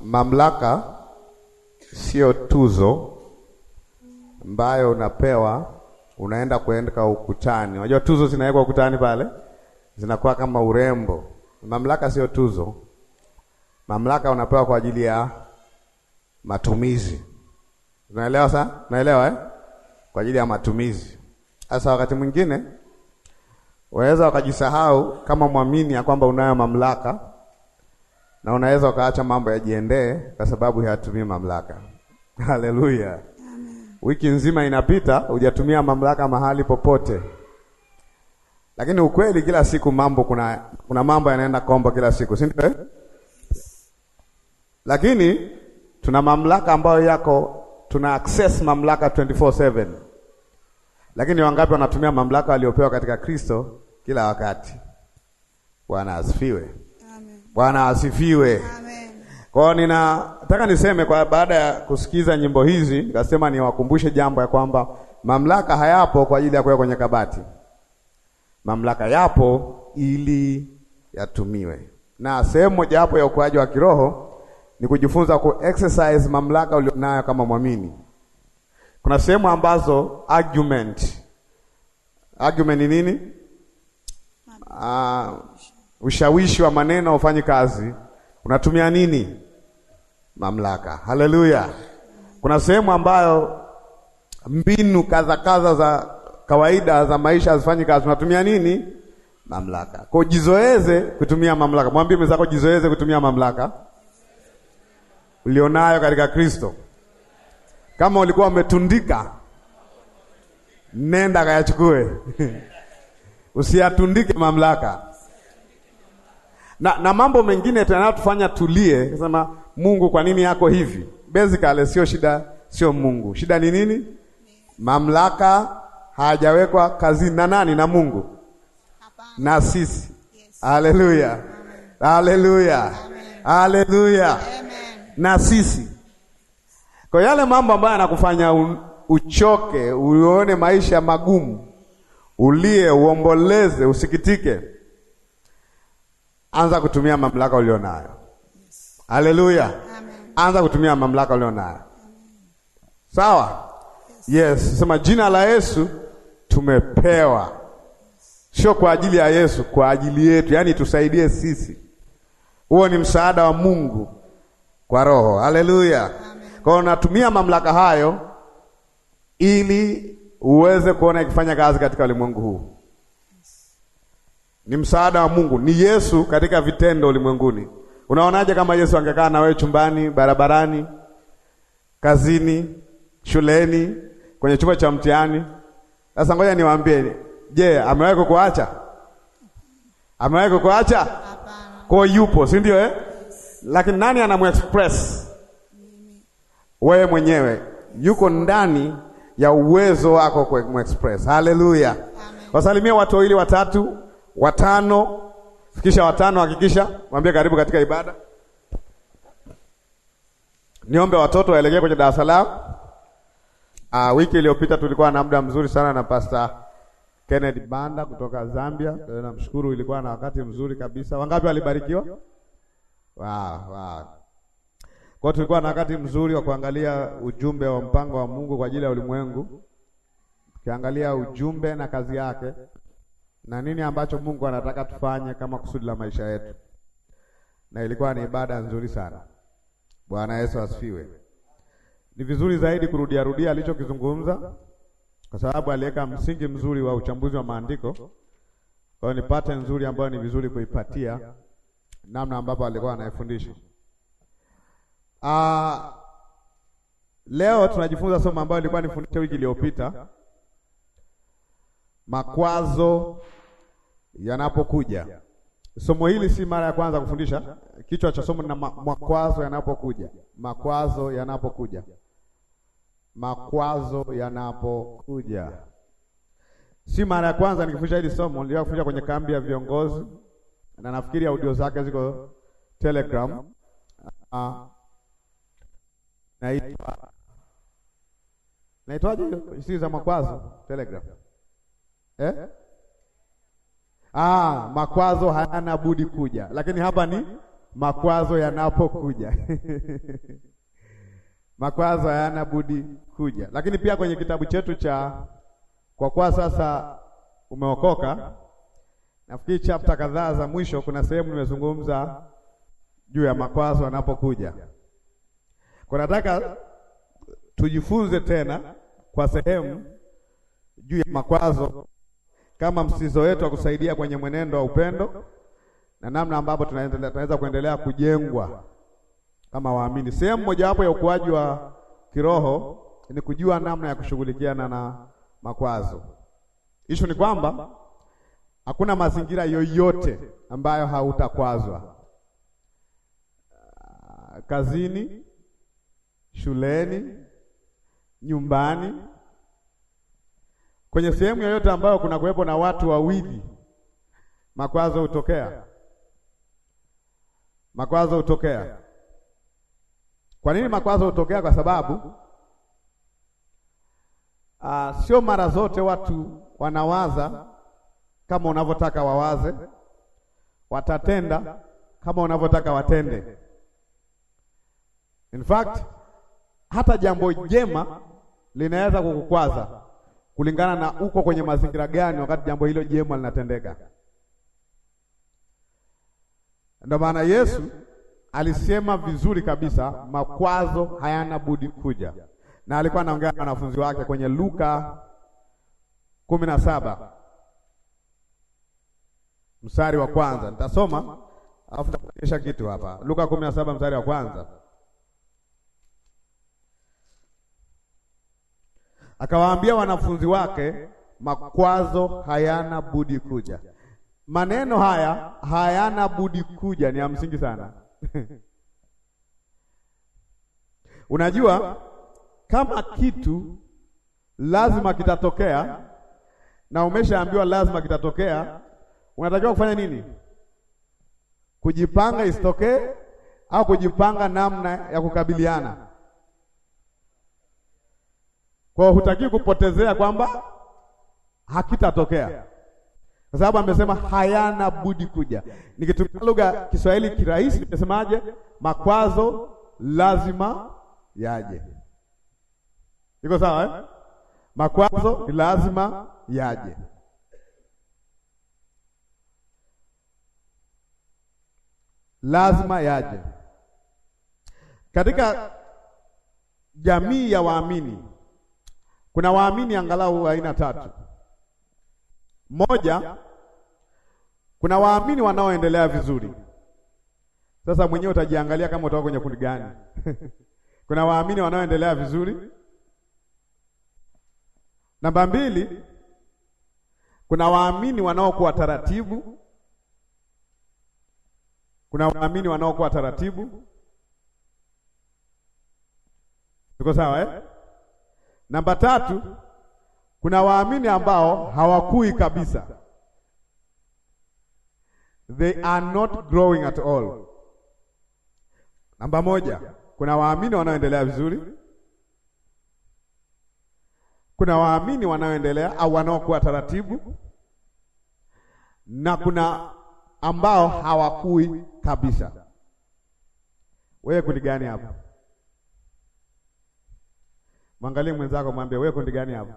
Mamlaka sio tuzo ambayo unapewa unaenda kuenda ukutani. Unajua tuzo zinawekwa ukutani pale, zinakuwa kama urembo. Mamlaka sio tuzo. Mamlaka unapewa kwa ajili ya matumizi. Unaelewa sa Unaelewa eh? Kwa ajili ya matumizi. Sasa wakati mwingine waweza wakajisahau kama mwamini ya kwamba unayo mamlaka na unaweza ukaacha mambo yajiendee kwa sababu hayatumii mamlaka. Haleluya! Wiki nzima inapita hujatumia mamlaka mahali popote, lakini ukweli, kila siku mambo kuna kuna mambo yanaenda kombo kila siku, si ndio? Lakini tuna mamlaka ambayo yako, tuna access mamlaka 24/7 lakini wangapi wanatumia mamlaka waliopewa katika Kristo kila wakati? Bwana asifiwe. Bwana asifiwe. Kwa ninataka niseme kwa baada ya kusikiza nyimbo hizi, nikasema niwakumbushe jambo ya kwamba mamlaka hayapo kwa ajili ya kuwekwa kwenye kabati. Mamlaka yapo ili yatumiwe, na sehemu moja hapo ya ukuaji wa kiroho ni kujifunza ku exercise mamlaka ulionayo kama mwamini. Kuna sehemu ambazo argument argument ni nini? Uh, ushawishi wa maneno ufanye kazi. Unatumia nini? Mamlaka. Haleluya! Kuna sehemu ambayo mbinu kadha kadha za kawaida za maisha hazifanyi kazi. Unatumia nini? Mamlaka. Kwa jizoeze kutumia mamlaka. Mwambie mwenzako, jizoeze kutumia mamlaka ulionayo katika Kristo. Kama ulikuwa umetundika, nenda kayachukue. Usiyatundike mamlaka na, na mambo mengine yanayotufanya tulie, sema Mungu, kwa nini yako hivi? Basically sio shida, sio Mungu. Shida ni nini? Mamlaka hajawekwa kazini na nani? Na Mungu na sisi. Haleluya, haleluya, haleluya, na sisi. Kwa yale mambo ambayo yanakufanya uchoke, uone maisha magumu, ulie, uomboleze, usikitike Anza kutumia mamlaka ulionayo. Haleluya. Anza kutumia mamlaka ulionayo. Sawa? Yes, sema jina la Yesu tumepewa. Sio kwa ajili ya Yesu, kwa ajili yetu, yaani tusaidie sisi. Huo ni msaada wa Mungu kwa roho. Haleluya. Kwa hiyo natumia mamlaka hayo ili uweze kuona ikifanya kazi katika ulimwengu huu ni msaada wa Mungu, ni Yesu katika vitendo ulimwenguni. Unaonaje kama Yesu angekaa na wewe chumbani, barabarani, kazini, shuleni, kwenye chumba cha mtihani? Sasa ngoja niwaambie, je, amewahi kukuacha? Amewahi kukuacha? Kwa yupo, si ndio eh? Lakini nani anamuexpress? Wewe mwenyewe yuko ndani ya uwezo wako kuexpress. Haleluya! Wasalimia watu wawili watatu watano, fikisha watano, hakikisha mwambie karibu katika ibada. Niombe watoto waelekee kwenye darasa lao. Uh, ah, wiki iliyopita tulikuwa na muda mzuri sana na Pastor Kennedy Banda kutoka Zambia. Namshukuru, ilikuwa na wakati mzuri kabisa. Wangapi walibarikiwa? Wow, wow. Kwa tulikuwa na wakati mzuri wa kuangalia ujumbe wa mpango wa Mungu kwa ajili ya ulimwengu, tukiangalia ujumbe na kazi yake, na nini ambacho Mungu anataka tufanye kama kusudi la maisha yetu. Na ilikuwa ni ibada nzuri sana. Bwana Yesu asifiwe. Ni vizuri zaidi kurudia rudia alichokizungumza kwa sababu aliweka msingi mzuri wa uchambuzi wa maandiko. Kwa hiyo ni pate nzuri ambayo ni vizuri kuipatia namna ambapo alikuwa anaifundisha. Ah, leo tunajifunza somo ambalo nilikuwa nifundisha wiki iliyopita, makwazo yanapokuja. Somo hili si mara ya kwanza kufundisha. Kichwa cha somo na makwazo yanapokuja, makwazo yanapokuja, makwazo yanapokuja. Si mara ya kwanza nikifundisha hili somo, niliwahi kufundisha kwenye kambi ya viongozi, na nafikiri audio zake ziko Telegram. Uh, naitwa naitwaje? si za makwazo Telegram eh? Ah, makwazo hayana budi kuja, lakini hapa ni makwazo yanapokuja makwazo hayana budi kuja. Lakini pia kwenye kitabu chetu cha kwa kwa sasa umeokoka, nafikiri chapta kadhaa za mwisho, kuna sehemu nimezungumza juu ya makwazo yanapokuja, kwa nataka tujifunze tena kwa sehemu juu ya makwazo kama msizo wetu wa kusaidia kwenye mwenendo wa upendo na namna ambapo tunaweza kuendelea kujengwa kama waamini. Sehemu mojawapo ya ukuaji wa kiroho ni kujua namna ya kushughulikiana na makwazo. Hisho ni kwamba hakuna mazingira yoyote ambayo hautakwazwa, kazini, shuleni, nyumbani Kwenye sehemu yoyote ambayo kuna kuwepo na watu wawili, makwazo hutokea, makwazo hutokea. Kwa nini makwazo hutokea? Kwa sababu uh, sio mara zote watu wanawaza kama unavyotaka wawaze, watatenda kama unavyotaka watende. In fact hata jambo jema linaweza kukukwaza kulingana na uko kwenye mazingira gani wakati jambo hilo jema linatendeka. Ndio maana Yesu alisema vizuri kabisa, makwazo hayana budi kuja, na alikuwa anaongea na wanafunzi wake kwenye Luka kumi na saba mstari wa kwanza. Nitasoma alafu nitakuonyesha kitu hapa. Luka kumi na saba mstari wa kwanza. Akawaambia wanafunzi wake, makwazo hayana budi kuja. Maneno haya hayana budi kuja ni ya msingi sana. Unajua, kama kitu lazima kitatokea na umeshaambiwa lazima kitatokea, unatakiwa kufanya nini? Kujipanga isitokee au kujipanga namna ya kukabiliana kwa hutaki kupotezea kwamba hakitatokea, kwa sababu amesema hayana budi kuja. Nikitumia lugha Kiswahili kirahisi, nimesemaje? Makwazo lazima yaje. Iko sawa eh? Makwazo ni lazima yaje. Lazima yaje katika jamii ya waamini kuna waamini angalau aina tatu. Moja, kuna waamini wanaoendelea vizuri. Sasa mwenyewe utajiangalia kama utakuwa kwenye kundi gani? Kuna waamini wanaoendelea vizuri. Namba mbili, kuna waamini wanaokuwa taratibu. Kuna waamini wanaokuwa taratibu. Tuko sawa eh? Namba tatu, kuna waamini ambao hawakui kabisa, they are not growing at all. Namba moja, kuna waamini wanaoendelea vizuri, kuna waamini wanaoendelea au wanaokuwa taratibu, na kuna ambao hawakui kabisa. Wewe gani hapo? Mwangalie mwenzako, mwambie wewe kundi gani hapo?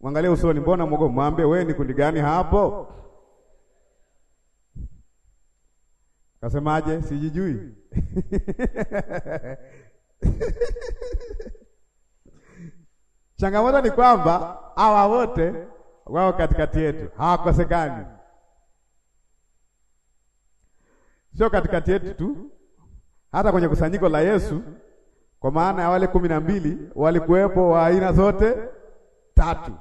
Mwangalie usoni, mbona mwogo? Mwambie wewe ni kundi gani hapo? Kasemaje? Sijijui. Changamoto ni kwamba hawa wote wao katikati yetu hawakosekani, sio katikati yetu tu hata kwenye kusanyiko la Yesu, kwa maana ya wale kumi na mbili walikuwepo wa aina zote tatu,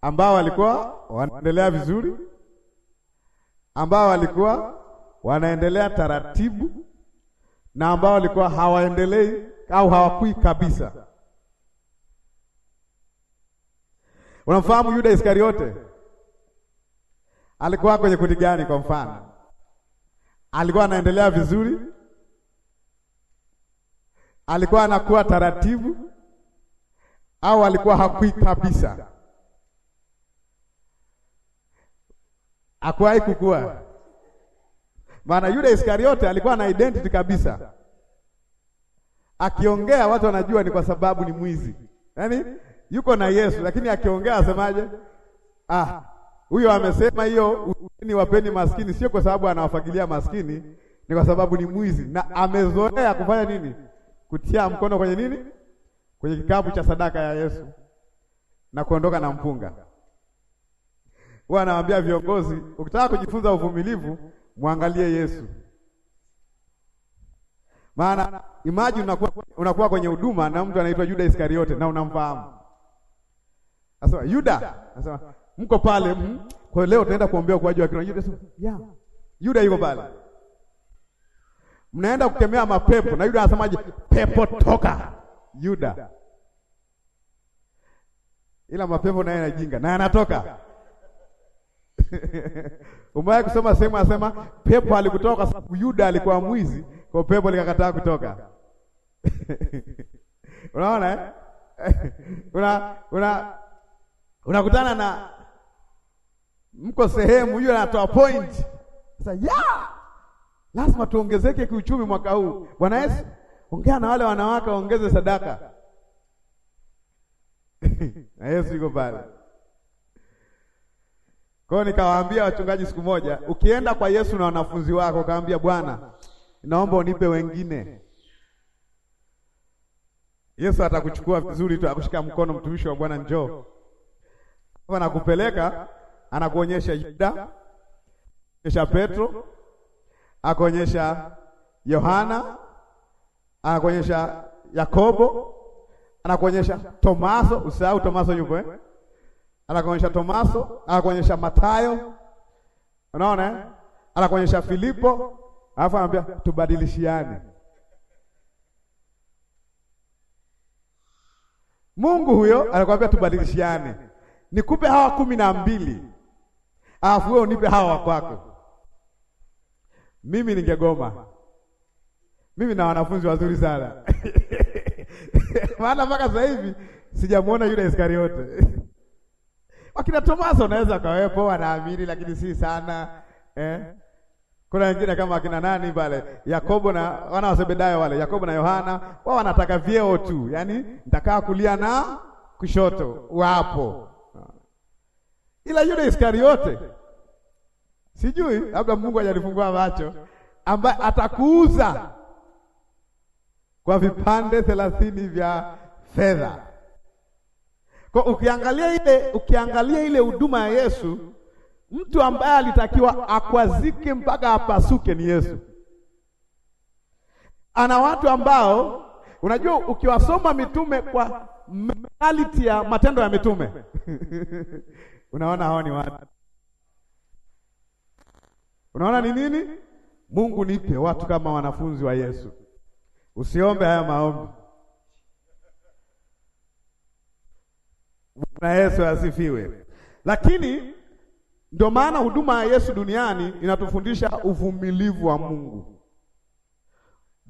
ambao walikuwa wanaendelea vizuri, ambao walikuwa wanaendelea taratibu, na ambao walikuwa hawaendelei au hawakui kabisa. Unamfahamu Yuda Iskariote alikuwa kwenye kundi gani? Kwa mfano alikuwa anaendelea vizuri, alikuwa anakuwa taratibu, au alikuwa hakui kabisa? Hakuwahi kukua. Maana Yuda Iskariote alikuwa na identity kabisa, akiongea watu wanajua ni kwa sababu ni mwizi, yaani yuko na Yesu, lakini akiongea asemaje? ah huyo amesema hiyo ni wapeni maskini, sio kwa sababu anawafagilia maskini, ni kwa sababu ni mwizi na amezoea kufanya nini? Kutia mkono kwenye nini? Kwenye kikapu cha sadaka ya Yesu na kuondoka na mpunga. Huwa anawaambia viongozi, ukitaka kujifunza uvumilivu, mwangalie Yesu. Maana imagine unakuwa, unakuwa kwenye huduma na mtu anaitwa Yuda Iskariote na unamfahamu. Anasema Yuda anasema mko pale mm. Kwa hiyo leo tunaenda kuombea kwa ajili ya kiroho Yesu. Yeah. Yuda yuko pale. Mnaenda kukemea mapepo na Yuda anasemaje? Pepo toka. Yuda. Ila mapepo naye anajinga na anatoka. Umewahi kusoma sehemu anasema pepo alikutoka kwa sababu Yuda alikuwa mwizi, kwa pepo likakataa kutoka. Unaona eh? una una unakutana na mko sehemu hiyo, anatoa point sasa. Ya lazima tuongezeke kiuchumi mwaka huu. Bwana Yesu, ongea na wale wanawake waongeze sadaka na Yesu yuko pale. Kwa hiyo nikawaambia wachungaji siku moja, ukienda kwa Yesu na wanafunzi wako, kaambia Bwana, naomba unipe wengine. Yesu atakuchukua vizuri tu, akushika mkono, mtumishi wa Bwana, njoo hapa, nakupeleka anakuonyesha Yuda, anakuonyesha Petro, anakuonyesha Yohana, anakuonyesha Yakobo, anakuonyesha Tomaso. Usahau Tomaso yupo eh? Anakuonyesha Tomaso, anakuonyesha Matayo, unaona eh? Anakuonyesha Filipo, alafu anambia tubadilishiane. Mungu huyo anakuambia tubadilishiane, nikupe hawa kumi na mbili alafu wewe unipe hawa wa kwako. Mimi ningegoma, mimi na wanafunzi wazuri sana maana mpaka sasa hivi sijamuona yule Iskariote. Wakina Tomaso unaweza kawepo, wanaamini lakini si sana eh? Kuna wengine kama akina nani pale Yakobo na wana wa Zebedayo wale Yakobo na Yohana, wao wanataka vyeo tu, yaani nitakaa kulia na kushoto, wapo ila yule Iskariote, sijui labda Mungu hajanifungua macho, ambaye atakuuza kwa vipande thelathini vya fedha. Kwa ukiangalia ile ukiangalia ile huduma ya Yesu, mtu ambaye alitakiwa akwazike mpaka apasuke ni Yesu. Ana watu ambao unajua ukiwasoma mitume kwa mentality ya matendo ya mitume Unaona hao ni watu. Unaona ni nini? Mungu nipe watu kama wanafunzi wa Yesu. Usiombe haya maombi. Bwana Yesu asifiwe. Lakini ndio maana huduma ya Yesu duniani inatufundisha uvumilivu wa Mungu.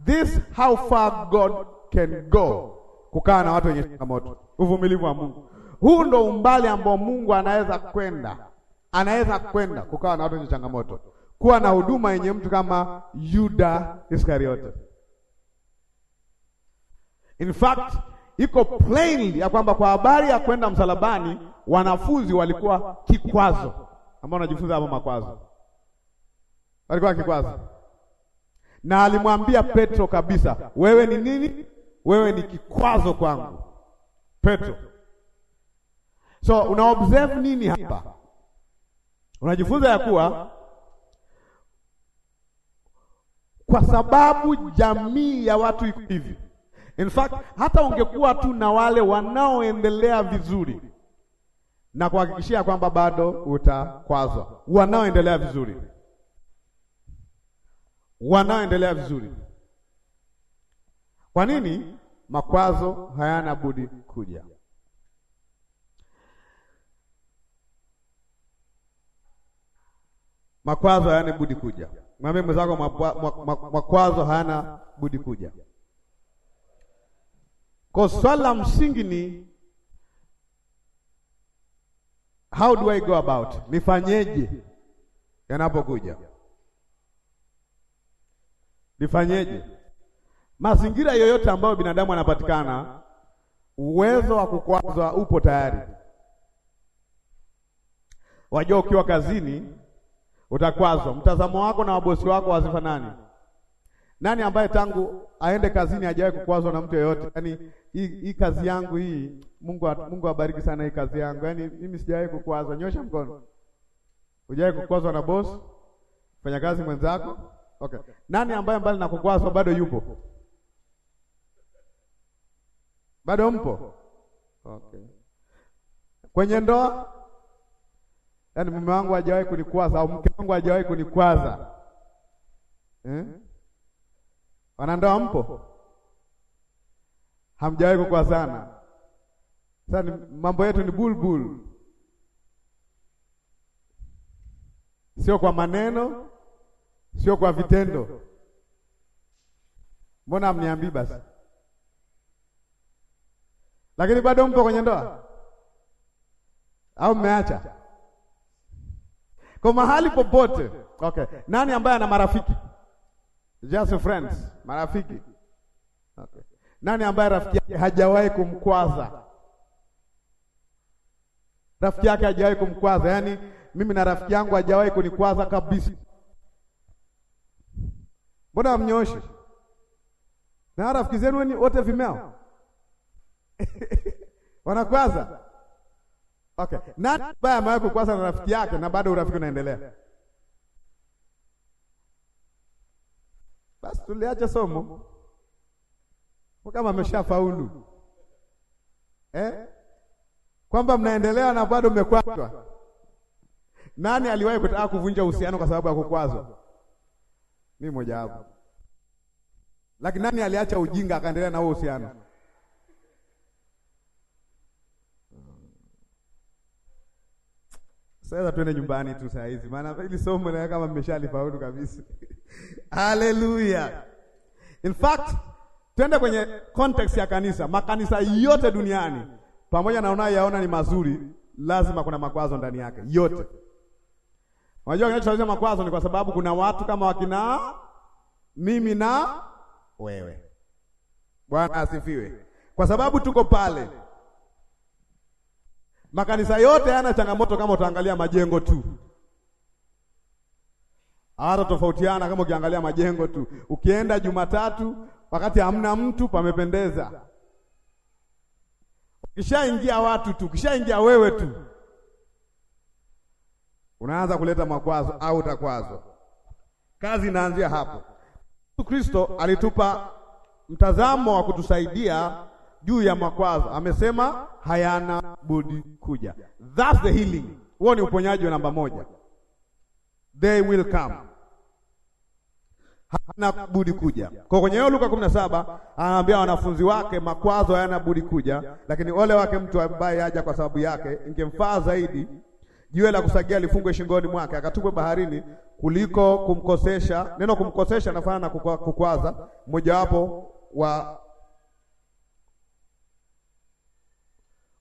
This how far God can go, kukaa na watu wenye changamoto, uvumilivu wa Mungu. Huu ndo umbali ambao Mungu anaweza kwenda, anaweza kwenda kukawa na watu wenye changamoto, kuwa na huduma yenye mtu kama Yuda Iskariote. In fact iko plainly ya kwamba kwa habari ya kwenda msalabani, wanafunzi walikuwa kikwazo, ambao wanajifunza hapo makwazo, walikuwa kikwazo, na alimwambia Petro kabisa, wewe ni nini? Wewe ni kikwazo kwangu, Petro. So una observe nini hapa? Unajifunza ya kuwa kwa sababu jamii ya watu iko hivi. In fact, hata ungekuwa tu na wale wanaoendelea vizuri na kuhakikishia kwamba bado utakwazwa. Wanaoendelea vizuri, wanaoendelea vizuri. Kwa nini? Makwazo hayana budi kuja. makwazo hayana budi kuja. Mwambie mwenzako makwazo hayana budi kuja. Kwa swala la msingi ni how do I go about, nifanyeje yanapokuja? Nifanyeje? Mazingira yoyote ambayo binadamu anapatikana, uwezo wa kukwazwa upo tayari. Wajua, ukiwa kazini utakwazwa. Mtazamo wako na wabosi wako wazifanani. Nani ambaye tangu aende kazini hajawahi kukwazwa na mtu yeyote? Yaani hii, hii kazi yangu hii, Mungu Mungu abariki sana hii kazi yangu, yaani mimi sijawahi kukwazwa. Nyosha mkono. Hujawahi kukwazwa na bosi, kazi mwenzako? Okay. Nani ambaye mbali na kukwazwa bado yupo? Bado mpo? Okay. Kwenye ndoa yaani mume wangu hajawahi kunikwaza au mke wangu hajawahi kunikwaza eh? Wanandoa mpo, hamjawahi kukwazana? Sasa mambo yetu ni bulbul, sio kwa maneno, sio kwa vitendo. Mbona amniambii basi? Lakini bado mpo kwenye ndoa au mmeacha? Kwa mahali popote. Okay. Nani ambaye ana marafiki? Just friends, marafiki. Okay. Nani ambaye rafiki yake hajawahi kumkwaza? Rafiki yake hajawahi kumkwaza, yaani mimi na rafiki yangu hajawahi kunikwaza kabisa. Mbona amnyoshi? Na rafiki zenu wote vimeo wanakwaza Okay. Not baya amewahi kukwasa na rafiki yake na bado urafiki unaendelea. Basi tuliacha somo kama ameshafaulu eh? Kwamba mnaendelea na bado mmekwazwa. Nani aliwahi kutaka kuvunja uhusiano kwa sababu ya kukwazwa? Mimi moja wapo. Lakini nani aliacha ujinga akaendelea na huo uhusiano? sasa tuende nyumbani tu saa hizi, maana hili somo la kama mmeshalifaulu kabisa. Haleluya! In fact, twende kwenye context ya kanisa. Makanisa yote duniani pamoja na unayoyaona ni mazuri, lazima kuna makwazo ndani yake yote. Unajua kinachosababisha makwazo ni kwa sababu kuna watu kama wakina mimi na wewe. Bwana asifiwe. Kwa sababu tuko pale Makanisa yote yana changamoto kama utaangalia majengo tu. Hata tofautiana kama ukiangalia majengo tu. Ukienda Jumatatu wakati hamna mtu pamependeza. Ukishaingia watu tu, ukishaingia wewe tu. Unaanza kuleta makwazo au utakwazo. Kazi inaanzia hapo. Yesu Kristo alitupa mtazamo wa kutusaidia juu ya makwazo, amesema hayana budi kuja. That's the healing. Huo ni uponyaji wa namba moja, they will come, hayana budi kuja. Kwa kwenye hiyo Luka 17 anawaambia wanafunzi wake makwazo hayana budi kuja, lakini ole wake mtu ambaye aja kwa sababu yake. Ingemfaa zaidi jiwe la kusagia lifungwe shingoni mwake akatupwe baharini kuliko kumkosesha. Neno kumkosesha nafana na kukwaza, mojawapo wa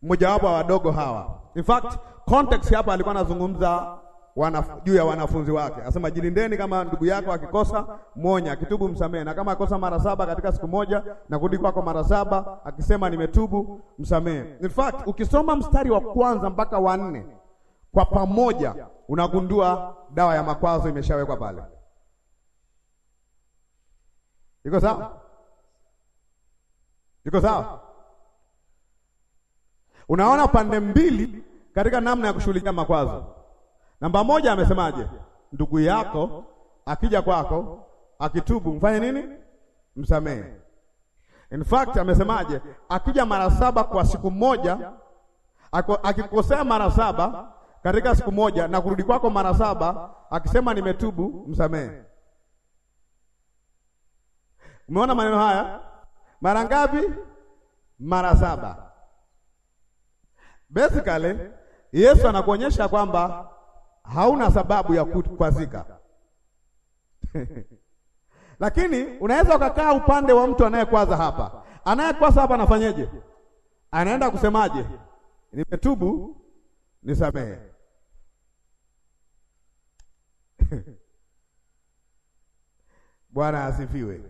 mmojawapo wa wadogo hawa. In fact, context hapa alikuwa anazungumza juu ya wanafunzi wake, anasema jilindeni, kama ndugu yako akikosa mwonya, akitubu msamehe, na kama akosa mara saba katika siku moja na kurudi kwako mara saba akisema nimetubu, msamehe. In fact, ukisoma mstari wa kwanza mpaka wa nne kwa pamoja, unagundua dawa ya makwazo imeshawekwa pale. Iko sawa? Iko sawa? Unaona pande mbili katika namna ya kushughulikia makwazo. Namba moja amesemaje? Ndugu yako akija kwako akitubu, mfanye nini? Msamehe. In fact amesemaje? Akija mara saba kwa siku moja, akikosea mara saba katika siku moja na kurudi kwako mara saba, akisema nimetubu, msamehe. Umeona maneno haya mara ngapi? Mara saba. Basically Yesu anakuonyesha kwamba hauna sababu ya kukwazika. Lakini unaweza ukakaa upande wa mtu anayekwaza hapa. Anayekwaza hapa anafanyeje? Anaenda kusemaje? Nimetubu, nisamehe. Bwana asifiwe.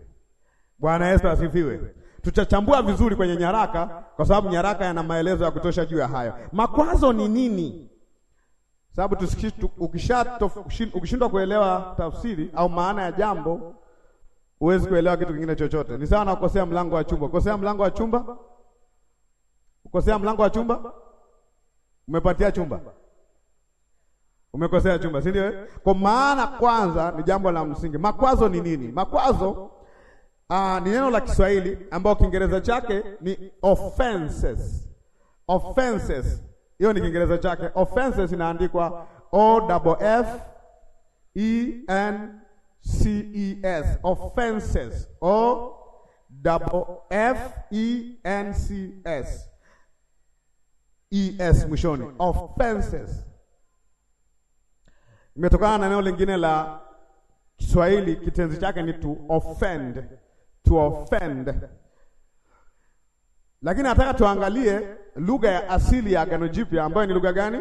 Bwana Yesu asifiwe tutachambua vizuri kwenye nyaraka, kwa sababu nyaraka yana maelezo ya kutosha juu ya hayo. Makwazo ni nini? Sababu ukishindwa kuelewa tafsiri au maana ya jambo, huwezi kuelewa kitu kingine chochote. Ni sawa na kukosea mlango wa chumba. Kukosea mlango wa chumba, kukosea mlango wa chumba, umepatia chumba, umekosea chumba, si ndio? Eh? Kwa maana kwanza ni jambo la msingi. Makwazo ni nini? Makwazo uh, ni neno la Kiswahili ambao Kiingereza chake ni offenses. Offenses hiyo ni Kiingereza chake. Offenses inaandikwa O double F E N C E S. Offenses. O double F E N C S. E S mwishoni. Offenses. Imetokana na neno lingine la Kiswahili kitenzi chake ni to offend to offend. Lakini nataka tuangalie lugha ya asili ya Agano Jipya ambayo ni lugha gani?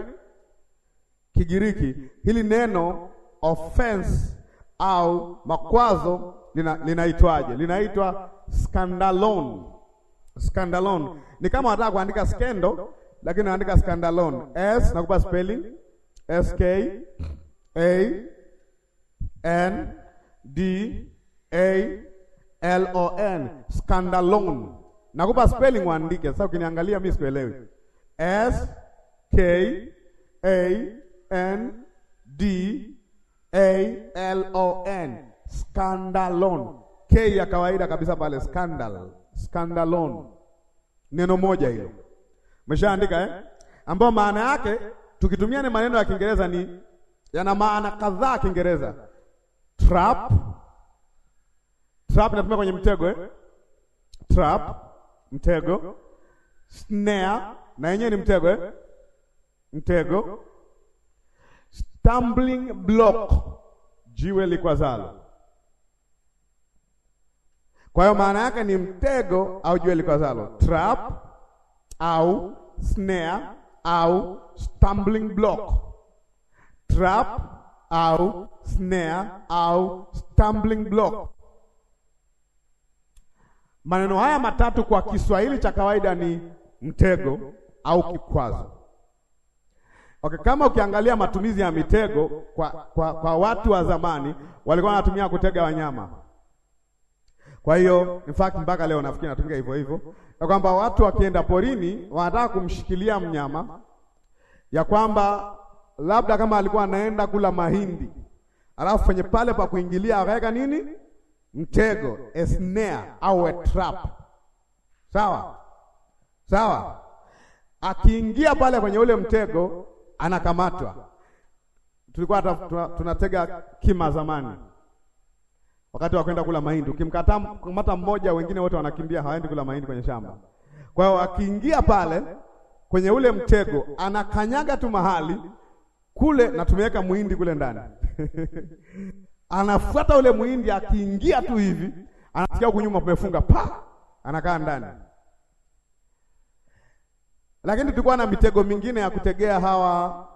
Kigiriki. Hili neno offense au makwazo linaitwaje? Lina linaitwa scandalon. Scandalon ni kama wataka kuandika skendo, lakini naandika scandalon. S nakupa spelling S K A N D A L O N, scandalon. Nakupa spelling waandike. Sasa ukiniangalia mimi sikuelewi. S K A N D A L O N, scandalon. K ya kawaida kabisa pale, scandal, scandalon. Neno moja hilo. Umeshaandika eh? Ambao maana yake tukitumia ni maneno ya Kiingereza ni yana maana kadhaa Kiingereza. Trap Trap inatumia kwenye mtego eh? Trap mtego, snare na yenyewe ni mtego eh? Mtego, stumbling block jiwe likwazalo. Kwa hiyo maana yake ni mtego au jiwe likwazalo, trap au snare au stumbling block. Trap au snare au stumbling block Maneno haya matatu kwa Kiswahili cha kawaida ni mtego au kikwazo. Okay, kama ukiangalia matumizi ya mitego kwa, kwa, kwa watu wa zamani walikuwa wanatumia kutega wanyama. Kwa hiyo in fact mpaka leo nafikiri natumika hivyo hivyo, ya kwamba watu wakienda porini wanataka kumshikilia mnyama, ya kwamba labda kama alikuwa anaenda kula mahindi, alafu kwenye pale pa kuingilia akaweka nini mtego, a snare au a trap. Sawa sawa, akiingia pale kwenye ule mtego anakamatwa. Tulikuwa tunatega kima zamani, wakati wa kwenda kula mahindi. Ukimkataa kamata mmoja, wengine wote wanakimbia, hawaendi kula mahindi kwenye shamba. Kwa hiyo akiingia pale kwenye ule mtego anakanyaga tu mahali kule na tumeweka muhindi kule ndani anafuata ule muhindi, akiingia tu hivi anasikia huku nyuma kumefunga pa, anakaa ndani. Lakini tulikuwa na mitego mingine ya kutegea hawa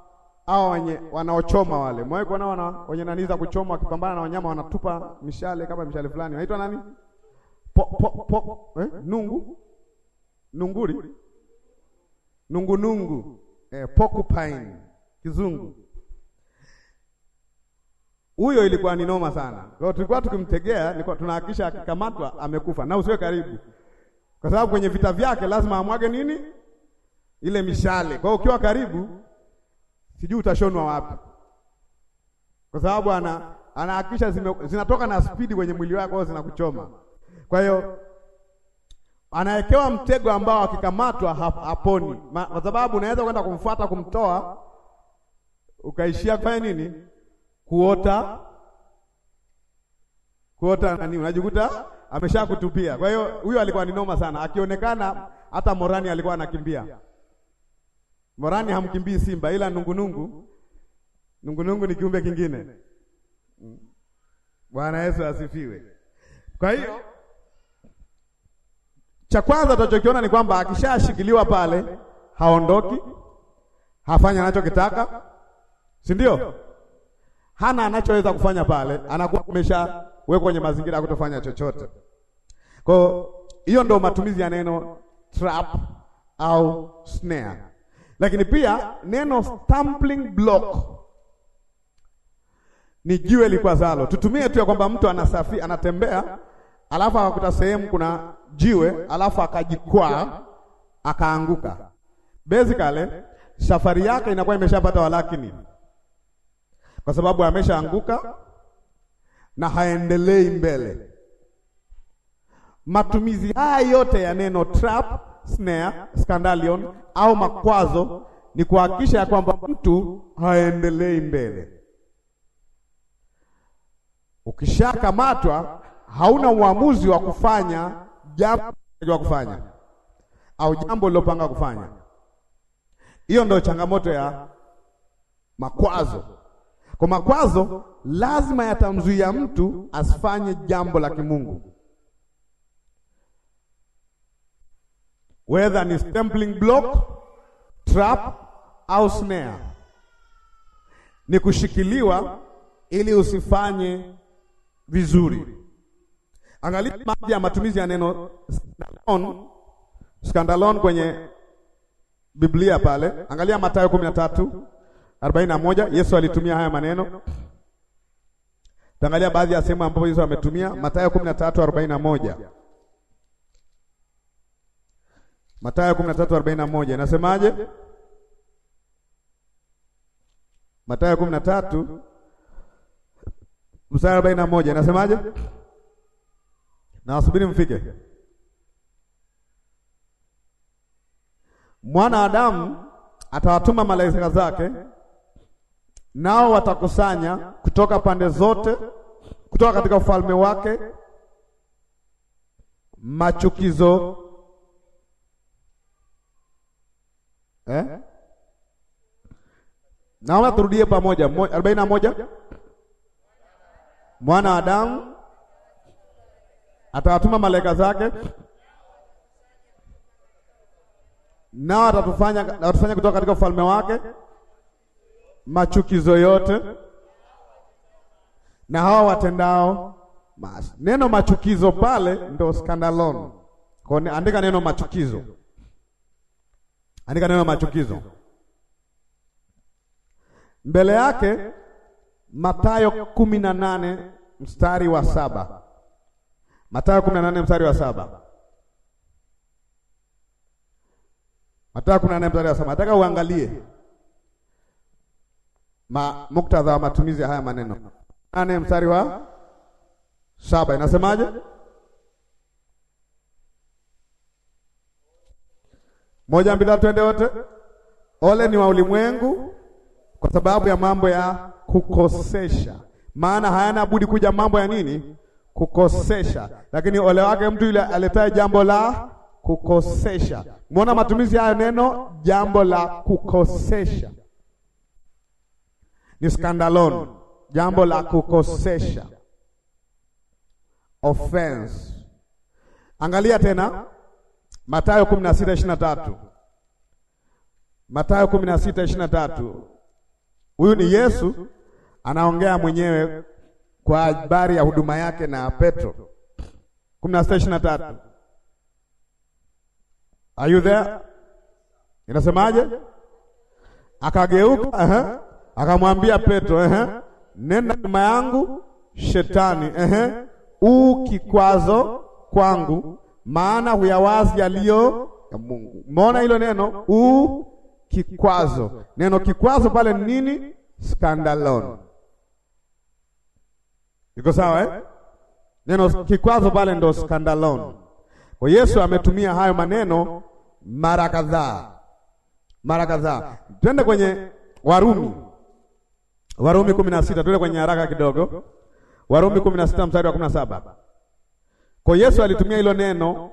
hawa wenye wanaochoma wale, mwae wana wenye nani za kuchoma, wakipambana na wanyama wanatupa mishale kama mishale fulani, naitwa nani? Po, po, po, eh? Nungu nunguri nungunungu nungu. Eh, pokupine kizungu huyo ilikuwa ni noma sana. Kwa tulikuwa tukimtegea, nilikuwa tunahakisha akikamatwa amekufa na usiwe karibu. Kwa sababu kwenye vita vyake lazima amwage nini? Ile mishale. Kwa hiyo ukiwa karibu sijui utashonwa wapi. Kwa sababu ana anahakisha zinatoka na spidi kwenye mwili wako zinakuchoma. Kwa hiyo anawekewa mtego ambao akikamatwa haponi, kwa sababu unaweza kwenda kumfuata kumtoa, ukaishia kufanya nini? kuota kuota nani, unajikuta ameshakutupia. Kwa hiyo huyo alikuwa ni noma sana, akionekana hata Morani alikuwa anakimbia. Morani hamkimbii simba, ila nungunungu. Nungunungu ni kiumbe kingine. Bwana Yesu asifiwe. Kwa hiyo cha kwanza tutachokiona ni kwamba akishashikiliwa pale haondoki, hafanya anachokitaka, si ndio? hana anachoweza kufanya pale, anakuwa kumesha kumeshawekwa kwenye mazingira ya kutofanya chochote. Kwa hiyo ndio matumizi ya neno trap au snare. Lakini pia neno stumbling block ni jiwe likwazalo. Tutumie tu ya kwamba mtu anasafi anatembea, alafu akakuta sehemu kuna jiwe, alafu akajikwaa akaanguka. Basically safari yake inakuwa imeshapata walakini kwa sababu ameshaanguka na haendelei mbele. Matumizi haya yote ya neno trap, snare, scandalion au makwazo ni kuhakikisha ya kwamba mtu haendelei mbele. Ukishakamatwa hauna uamuzi wa kufanya jambo wa kufanya au jambo lilopanga kufanya. Hiyo ndio changamoto ya makwazo. Kwa makwazo lazima yatamzuia mtu asifanye jambo la kimungu, whether ni stumbling block, trap au snare. Ni kushikiliwa ili usifanye vizuri. Angalia maji ya matumizi ya neno scandalon, scandalon kwenye Biblia pale, angalia Mathayo kumi na tatu 41 Yesu alitumia haya maneno. Tangalia baadhi ya sehemu ambapo Yesu ametumia Mathayo 13:41. Mathayo 13:41 inasemaje? Mathayo 13 mstari 41 inasemaje? Na wasubiri mfike. Mwana Adamu atawatuma malaika zake nao watakusanya kutoka pande zote, kutoka katika ufalme wake machukizo eh? Naomba turudie pamoja, arobaini na moja. Mwana wa Adamu atawatuma malaika zake, nao atatufanya atatufanya kutoka katika ufalme wake machukizo yote na hawa watendao maasi. Neno machukizo pale ndo skandalon. Kwa andika neno machukizo, andika neno machukizo mbele yake Mathayo kumi na nane mstari wa saba Mathayo kumi na nane mstari wa saba Mathayo kumi na nane mstari wa saba nataka uangalie ma, muktadha wa matumizi haya maneno. Nane mstari wa saba inasemaje? Moja, mbili, twende wote. Ole ni wa ulimwengu kwa sababu ya mambo ya kukosesha, maana hayana budi kuja mambo ya nini? Kukosesha. Lakini ole wake mtu yule aletaye jambo la kukosesha. Muona matumizi haya neno jambo la kukosesha ni skandalon, jambo la kukosesha offense. Angalia tena Mathayo 16:23. Mathayo 16:23. Huyu ni Yesu anaongea mwenyewe kwa habari ya huduma yake na Petro. 16:23. Are you there? Inasemaje? Akageuka, -huh akamwambia Petro, ehe, nenda nyuma yangu shetani, ehe, u kikwazo kwangu, maana huyawazi yaliyo ya Mungu. Umeona hilo neno u kikwazo, neno kikwazo pale nini? Skandalon, iko sawa eh? Neno kikwazo pale ndo skandalon. Kwa Yesu ametumia hayo maneno mara kadhaa, mara kadhaa. Twende kwenye Warumi Warumi 16 tuele kwenye haraka kidogo. Warumi 16 mstari wa 17. Kwa Yesu alitumia hilo neno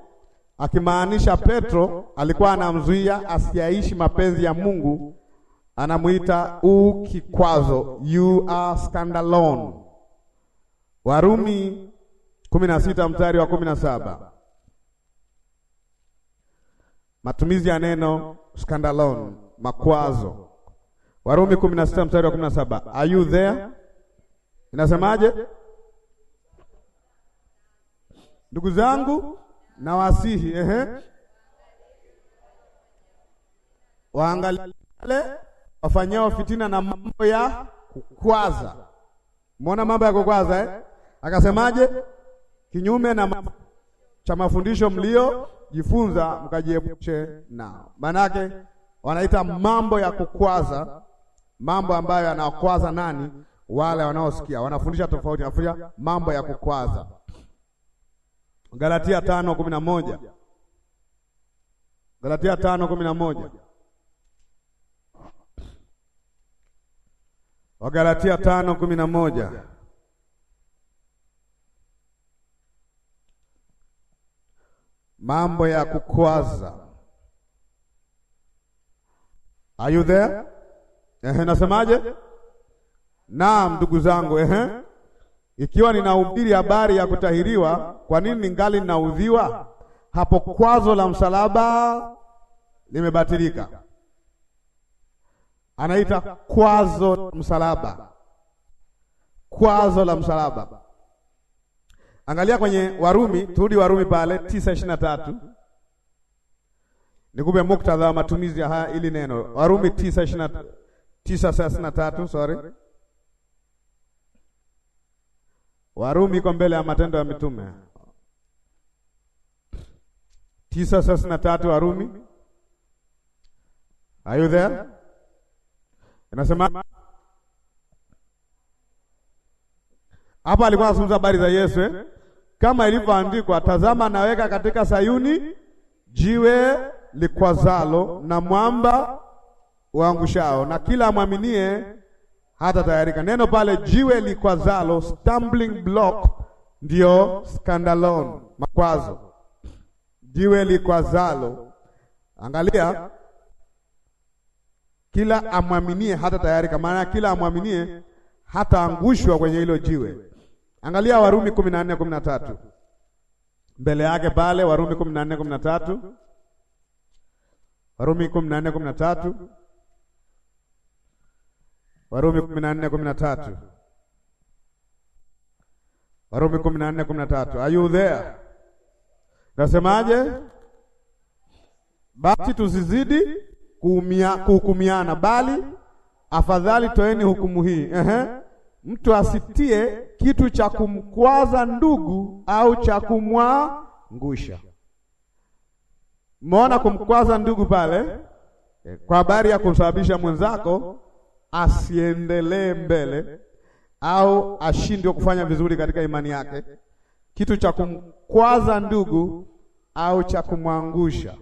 akimaanisha Petro alikuwa anamzuia asiaishi mapenzi ya Mungu, anamuita u kikwazo, you are standalone. Warumi 16 mstari wa 17. Matumizi ya neno standalone, makwazo Warumi 16 mstari wa 17. Are you there? Inasemaje? Ndugu zangu na wasihi, ehe, Waangalie wafanyao fitina na mambo ya kukwaza. Muona mambo ya kukwaza eh? Akasemaje? kinyume na mambo cha mafundisho mlio jifunza mkajiepushe nao. Maanake wanaita mambo ya kukwaza mambo ambayo yanakwaza nani? Wale wanaosikia. Wanafundisha tofauti, wanafundisha mambo ya kukwaza. Galatia tano kumi na moja. Galatia tano kumi na moja. Wagalatia tano kumi na moja. Mambo ya kukwaza. Are you there? Ehe, nasemaje? Naam, ndugu zangu, ehe, ikiwa ninahubiri habari ya kutahiriwa, kwa nini ningali ninaudhiwa? Hapo kwazo la msalaba limebatilika. Anaita kwazo msalaba, kwazo la msalaba. Angalia kwenye Warumi, turudi Warumi pale tisa na tatu nikupe muktadha wa matumizi ya haya ili neno Warumi tisa tisa thelathini na tatu sorry, Warumi iko mbele ya Matendo ya Mitume tisa thelathini na tatu Warumi. Are you there? Inasema hapa alikuwa anazungumza habari za Yesu eh? Kama ilivyoandikwa, tazama naweka katika Sayuni jiwe likwazalo na mwamba uangushao, na kila amwaminie hata tayarika. Neno pale jiwe likwazalo, stumbling block, ndio scandalon, makwazo. Jiwe likwazalo, angalia, kila amwaminie hata tayarika, maana kila amwaminie hata angushwa kwenye hilo jiwe. Angalia Warumi 14:13 mbele yake pale, Warumi 14:13 Warumi Warumi 14:13. Warumi 14:13. Are you there? Nasemaje? Basi tusizidi kuumia kuhukumiana, bali afadhali toeni hukumu hii. Ehe, mtu asitie kitu cha kumkwaza ndugu au cha kumwangusha. mona kumkwaza ndugu pale, kwa habari ya kumsababisha mwenzako asiendelee mbele au ashindwe kufanya vizuri katika imani yake, kitu cha kumkwaza ndugu au cha kumwangusha,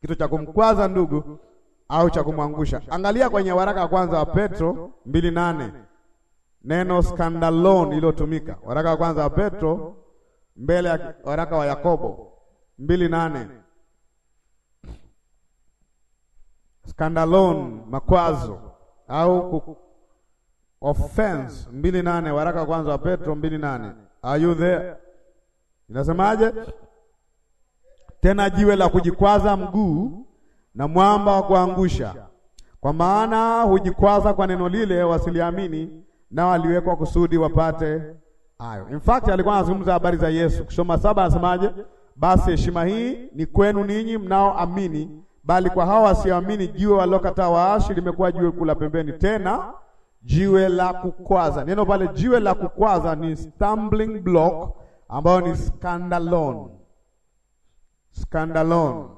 kitu cha kumkwaza ndugu au cha kumwangusha. Angalia kwenye waraka wa kwanza wa Petro 2:8 neno skandalon iliyotumika. Waraka wa kwanza wa Petro mbele ya waraka wa Yakobo 2:8 skandalon, makwazo au offense mbili nane waraka kwanza wa Petro mbili nane Are you there? Inasemaje? Tena jiwe la kujikwaza mguu na mwamba wa kuangusha, kwa maana hujikwaza kwa neno lile wasiliamini, nao aliwekwa kusudi wapate hayo. In fact alikuwa anazungumza habari za Yesu. Kusoma saba anasemaje? Basi heshima hii ni kwenu ninyi mnaoamini bali kwa hawa wasioamini jiwe walokata waashi limekuwa jiwe kula pembeni, tena jiwe la kukwaza. Neno pale jiwe la kukwaza ni stumbling block, ambayo ni scandalon, scandalon.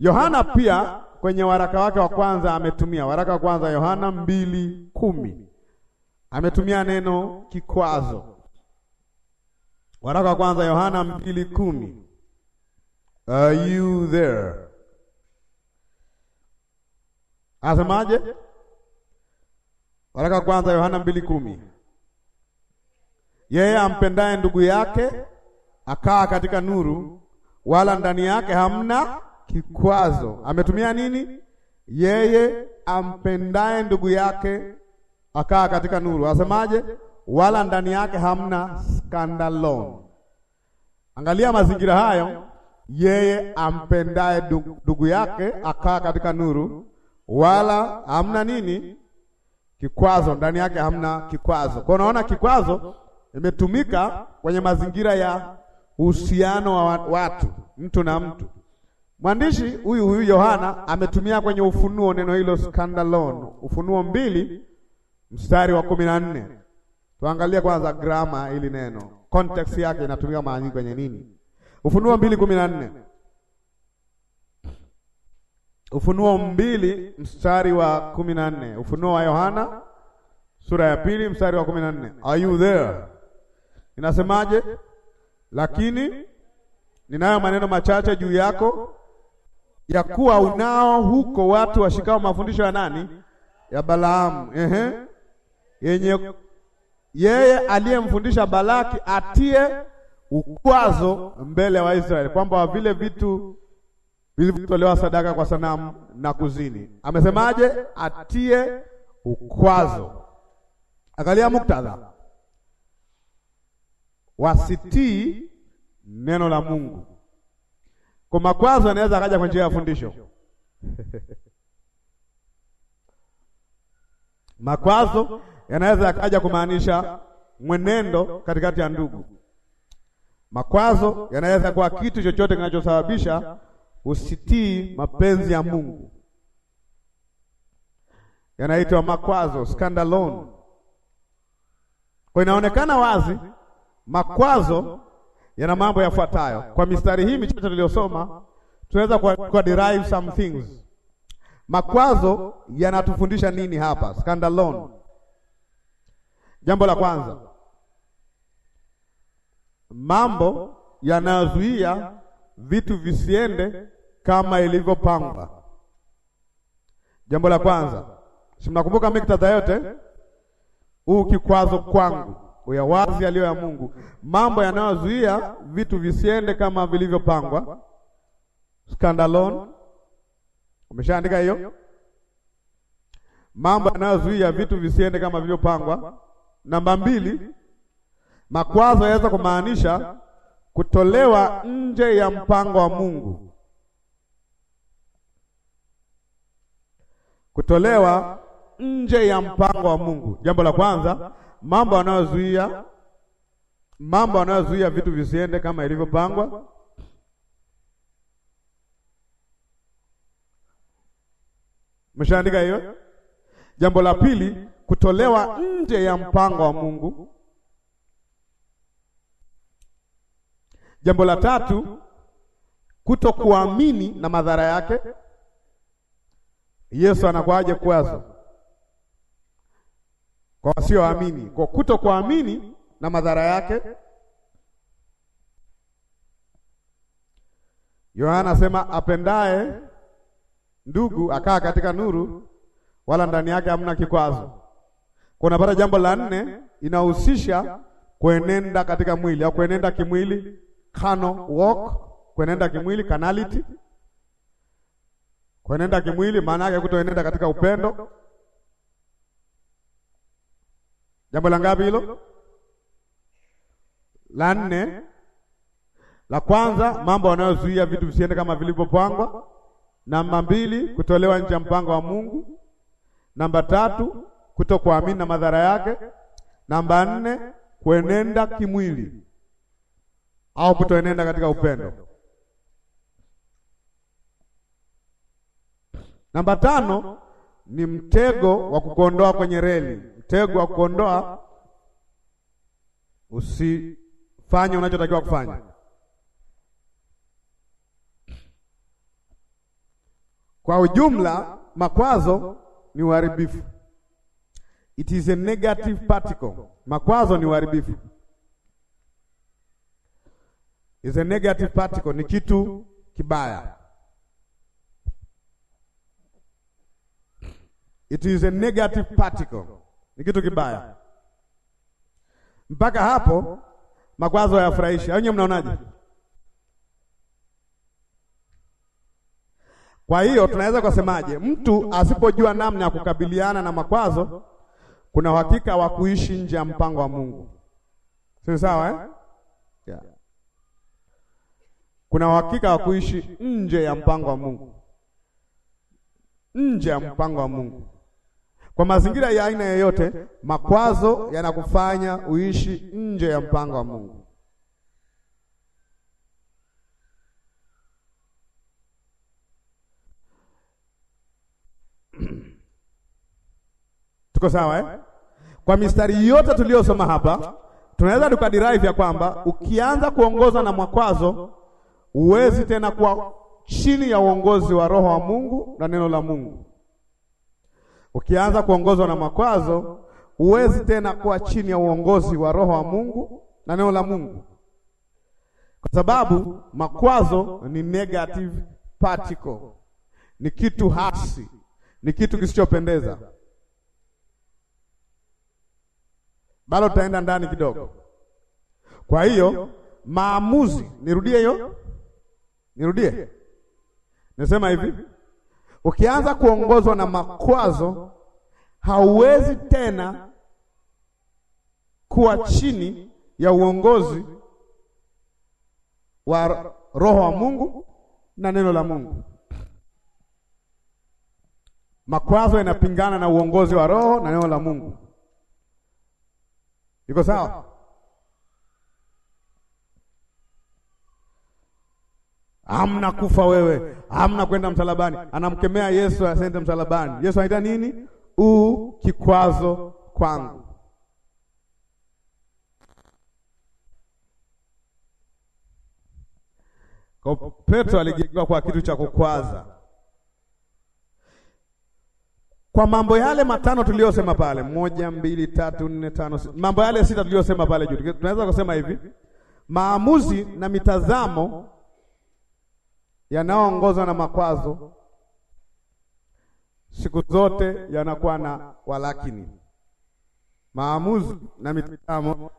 Yohana pia kwenye waraka wake wa kwanza ametumia, waraka wa kwanza Yohana mbili kumi ametumia neno kikwazo. Waraka wa kwanza Yohana mbili kumi. Are you there? Anasemaje? Waraka kwanza Yohana mbili kumi. Yeye ampendaye ndugu yake akaa katika nuru, wala ndani yake hamna kikwazo. Ametumia nini? Yeye ampendaye ndugu yake akaa katika nuru, asemaje? Wala ndani yake hamna skandalon. Angalia mazingira hayo, yeye ampendaye ndugu yake akaa katika nuru, wala hamna nini kikwazo ndani yake, hamna kikwazo. Kwa unaona kikwazo imetumika kwenye mazingira ya uhusiano wa watu, mtu na mtu. Mwandishi huyu huyu Yohana ametumia kwenye Ufunuo neno hilo skandalon, Ufunuo mbili mstari wa kumi na nne. Tuangalie kwanza grama ili neno, context yake inatumika mara nyingi kwenye nini? Ufunuo mbili kumi na nne. Ufunuo mbili mstari wa kumi na nne. Ufunuo wa Yohana sura ya pili mstari wa kumi na nne. Are you there? Inasemaje? Lakini ninayo maneno machache juu yako ya kuwa unao huko watu washikao mafundisho ya nani? Ya Balaamu. Ehe. Yenye yeye aliyemfundisha Balaki atie ukwazo mbele wa Israeli kwamba vile vitu vilivyotolewa sadaka kwa sanamu na kuzini. Amesemaje? Atie ukwazo. Angalia muktadha, wasitii neno la Mungu. Kwa makwazo anaweza akaja kwa njia ya fundisho makwazo yanaweza yakaja kumaanisha mwenendo katikati ya ndugu. Makwazo yanaweza kuwa kitu chochote kinachosababisha usitii mapenzi ya Mungu yanaitwa makwazo, scandalon. Kwa inaonekana wazi makwazo yana mambo yafuatayo. Kwa mistari hii michache tuliyosoma, tunaweza kwa derive some things. Makwazo yanatufundisha nini hapa? Scandalon. Jambo la kwanza, mambo yanayozuia vitu visiende kama ilivyopangwa. Jambo la kwanza, si mnakumbuka miktadha yote, huu kikwazo kwangu, uyawazi yaliyo ya Mungu, mambo yanayozuia vitu visiende kama vilivyopangwa, scandalon. Umeshaandika hiyo, mambo yanayozuia vitu visiende kama vilivyopangwa. Namba mbili, makwazo yaweza kumaanisha kutolewa nje ya mpango wa Mungu, kutolewa nje ya mpango wa Mungu. Jambo la kwanza, mambo yanayozuia mambo yanayozuia vitu visiende kama ilivyopangwa. Mshaandika hiyo? Jambo la pili, kutolewa nje ya mpango wa Mungu. Jambo la tatu, kutokuamini na madhara yake. Yesu anakuaje kwazo kwa wasioamini, kwa kutokuamini na madhara yake. Yohana anasema apendaye ndugu akaa katika nuru, wala ndani yake hamna kikwazo. Kunapata jambo la nne, inahusisha kuenenda katika mwili au kuenenda kimwili kano walk kuenenda kimwili, carnality, kuenenda kimwili maana yake kutoenenda katika upendo. Jambo la ngapi hilo? La nne. La kwanza, mambo yanayozuia vitu visiende kama vilivyopangwa. Namba mbili, kutolewa nje ya mpango wa Mungu. Namba tatu, kutokuamini na madhara yake. Namba nne, kuenenda kimwili au kutoenenda katika upendo. Namba tano ni mtego wa kukondoa kwenye reli, mtego wa kuondoa usifanye unachotakiwa kufanya. Kwa ujumla, makwazo ni uharibifu. It is a negative particle. Makwazo ni uharibifu is a negative particle, ni kitu kibaya. It is a negative particle, ni kitu kibaya. Mpaka hapo makwazo hayafurahishi. Wenyewe mnaonaje? Kwa hiyo tunaweza kusemaje? Mtu asipojua namna ya kukabiliana na makwazo, kuna uhakika wa kuishi nje ya mpango wa Mungu, si sawa eh? kuna uhakika wa kuishi nje ya mpango wa Mungu, nje ya mpango wa Mungu kwa mazingira ya aina yoyote. Makwazo yanakufanya uishi nje ya mpango wa Mungu. Tuko sawa eh? Kwa mistari yote tuliyosoma hapa tunaweza tukadirive ya kwamba ukianza kuongozwa na makwazo huwezi tena kuwa chini ya uongozi wa Roho wa Mungu na neno la Mungu. Ukianza kuongozwa na makwazo, huwezi tena kuwa chini ya uongozi wa Roho wa Mungu na neno la Mungu, kwa sababu makwazo ni negative particle, ni kitu hasi, ni kitu kisichopendeza. Bado tutaenda ndani kidogo. Kwa hiyo maamuzi, nirudie hiyo Nirudie, nasema hivi, ukianza kuongozwa na makwazo, hauwezi tena kuwa chini ya uongozi wa Roho wa Mungu na neno la Mungu. Makwazo yanapingana na uongozi wa Roho na neno la Mungu. Iko sawa? Amna kufa wewe, amna kwenda msalabani. Anamkemea Yesu asende msalabani. Yesu anaita nini? Uu kikwazo kwangu. Kwa Petro aligiwa kwa kitu cha kukwaza, kwa mambo yale matano tuliyosema pale, moja, mbili, tatu, nne, tano, mambo yale sita tuliyosema pale juu. Tunaweza kusema hivi, maamuzi na mitazamo yanayoongozwa na makwazo siku zote yanakuwa na walakini. Maamuzi na mitazamo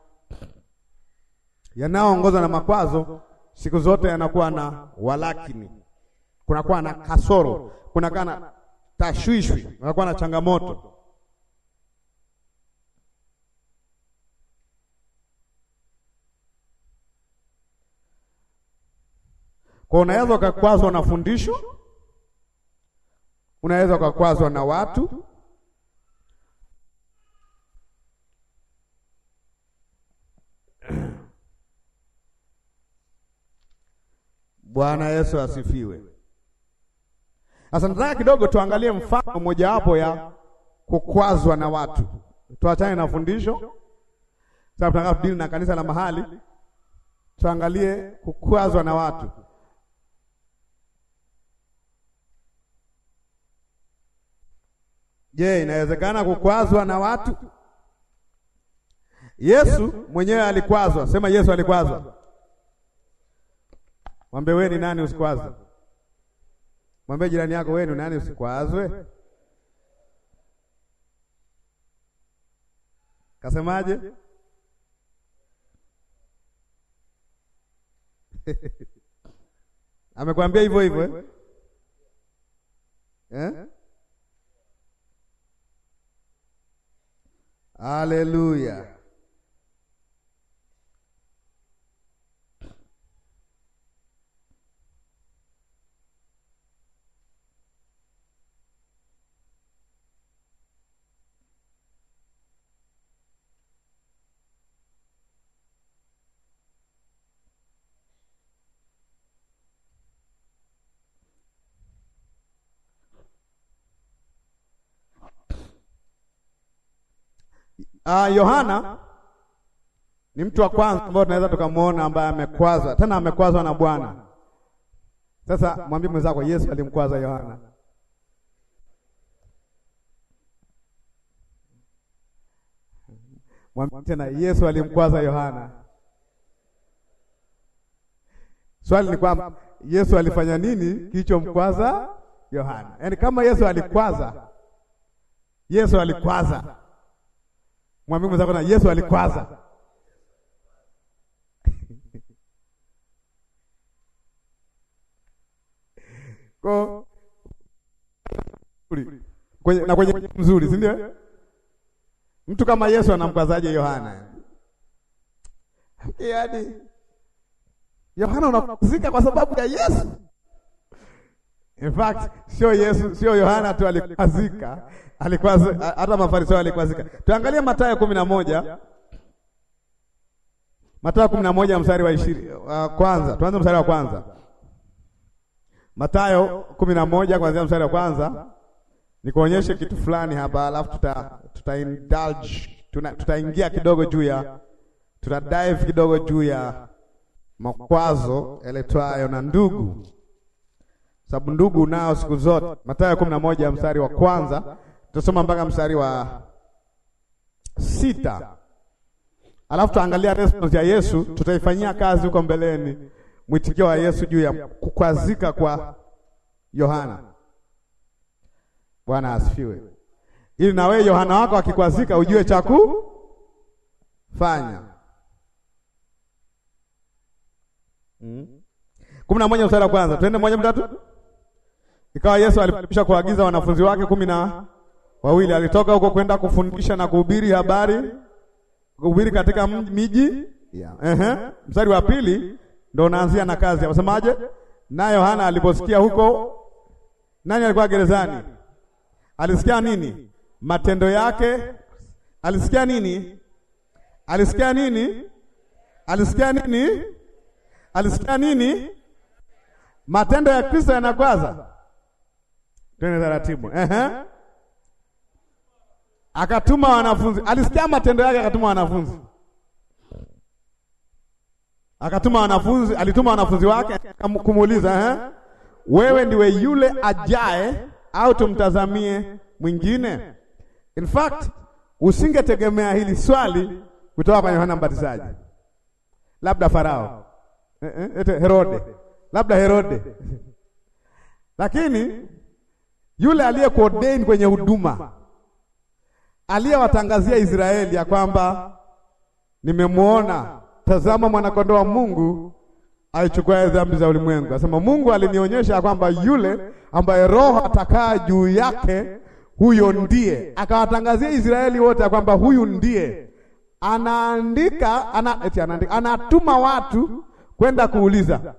yanayoongozwa na makwazo siku zote yanakuwa na walakini, kunakuwa na kasoro, kunakuwa na tashwishwi, kunakuwa na changamoto Kwa unaweza ukakwazwa na fundisho, unaweza ukakwazwa na watu, Bwana Yesu asifiwe. Sasa nataka kidogo tuangalie mfano mojawapo ya kukwazwa na watu. Tuachane na fundisho, sasa tunataka kudili na kanisa la mahali, tuangalie kukwazwa na watu. Je, inawezekana kukwazwa na watu? Yesu mwenyewe alikwazwa. Sema Yesu alikwazwa. Mwambie wewe ni nani usikwazwe. Mwambie jirani yako wewe ni nani usikwazwe. Kasemaje? Amekwambia hivyo hivyo eh? eh? Aleluia. Ah, ah, Yohana ni mtu wa kwanza ambaye tunaweza tukamwona ambaye amekwazwa tena, amekwazwa na Bwana. Sasa mwambie mwenzako Yesu alimkwaza Yohana. Mwambie tena Yesu alimkwaza Yohana. Swali ni kwamba Yesu alifanya nini kilichomkwaza Yohana? Yaani kama Yesu alikwaza, Yesu alikwaza Mwambie mwenzako na Yesu alikwaza. Ko kwenye na kwenye mzuri, si ndio? Mtu kama Yesu anamkwazaje Yohana? Yaani Yohana unakuzika kwa sababu ya Yesu. In fact sio Yesu, sio Yohana tu alikwazika, alikuwa hata Mafarisayo alikwazika. Tuangalie Mathayo kumi na moja Mathayo kumi na moja mstari wa ishirini wa kwanza tuanze mstari wa kwanza Mathayo kumi na moja kuanzia mstari wa kwanza nikuonyeshe kitu fulani hapa, alafu tuta, tuta indulge tutaingia kidogo juu ya tuta dive kidogo juu ya makwazo yaletwayo na ndugu sababu ndugu nao siku zote. Mathayo kumi na moja mstari wa kwanza tutasoma mpaka mstari wa sita alafu tuangalia response ya Yesu, tutaifanyia kazi huko mbeleni, mwitikio wa Yesu juu ya kukwazika kwa Yohana. Bwana asifiwe, ili na Yohana wako akikwazika ujue cha kufanya. Hmm? kumi na moja mstari wa kwanza, twende moja mtatu Ikawa Yesu alipisha kuagiza wanafunzi wake kumi na wawili, alitoka huko kwenda kufundisha na kuhubiri habari, kuhubiri katika miji yeah. Ehe, mstari wa pili ndio unaanzia na kazi. Anasemaje? Na Yohana aliposikia huko, nani alikuwa gerezani? Alisikia nini? Matendo yake. Alisikia nini? Alisikia nini? Alisikia nini? Alisikia nini? Matendo ya Kristo yanakwaza Twende taratibu. uh -huh. Akatuma wanafunzi, alisikia matendo yake, akatuma wanafunzi, akatuma wanafunzi, alituma wanafunzi wake kumuuliza, eh? wewe ndiwe yule ajaye au tumtazamie mwingine? In fact usingetegemea hili swali kutoka kwa Yohana Mbatizaji, labda Farao, eh, eh, Herode, labda Herode, lakini yule aliyekuordain kwenye huduma, aliyewatangazia Israeli ya kwamba nimemwona, tazama mwanakondoo wa Mungu aichukuaye dhambi za ulimwengu. Asema Mungu alinionyesha kwamba yule ambaye Roho atakaa juu yake, huyo ndiye. Akawatangazia Israeli wote kwamba huyu ndiye anaandika, ana, eti anaandika, anatuma watu kwenda kuuliza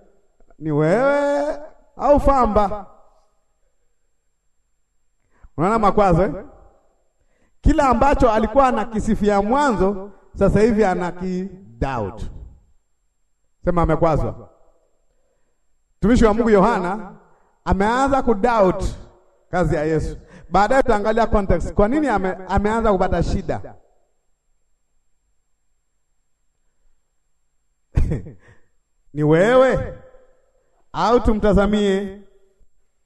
ni wewe au famba Unaona makwazo eh? Kila ambacho alikuwa anakisifia mwanzo sasa hivi doubt. Sema amekwazwa. Mtumishi wa Mungu Yohana ameanza doubt kazi ya Yesu. Baadaye tutaangalia context. Kwa nini ame, ameanza kupata shida? Ni wewe au tumtazamie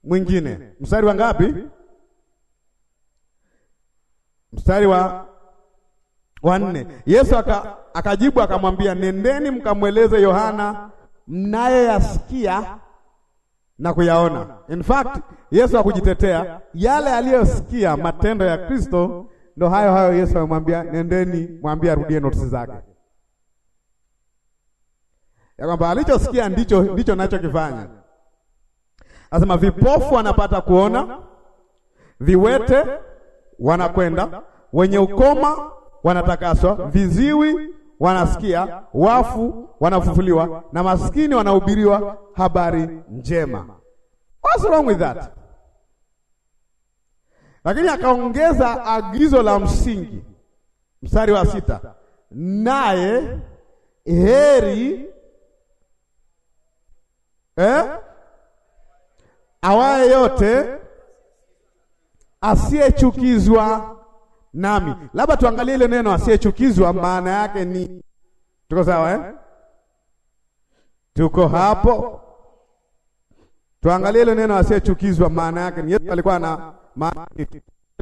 mwingine? Mstari wa ngapi? mstari wa wanne nne, Yesu aka, akamwambia, nendeni mkamweleze Yohana mnayoyasikia na kuyaona. In fact, Yesu hakujitetea, yale aliyosikia matendo ya Kristo ndo hayo hayo Yesu amemwambia, nendeni mwambie arudie notisi zake, ya kwamba alichosikia ndicho ndicho nachokifanya. Asema vipofu wanapata kuona, viwete wanakwenda, wenye ukoma wanatakaswa, viziwi wanasikia, wafu wanafufuliwa, na maskini wanahubiriwa habari njema. What's wrong with that? Lakini akaongeza agizo la msingi, mstari wa sita, naye heri eh, awaye yote asiyechukizwa nami. Labda tuangalie ile neno asiyechukizwa, maana yake ni, tuko sawa eh? Tuko hapo, tuangalie ile neno asiyechukizwa, maana yake ni Yesu alikuwa na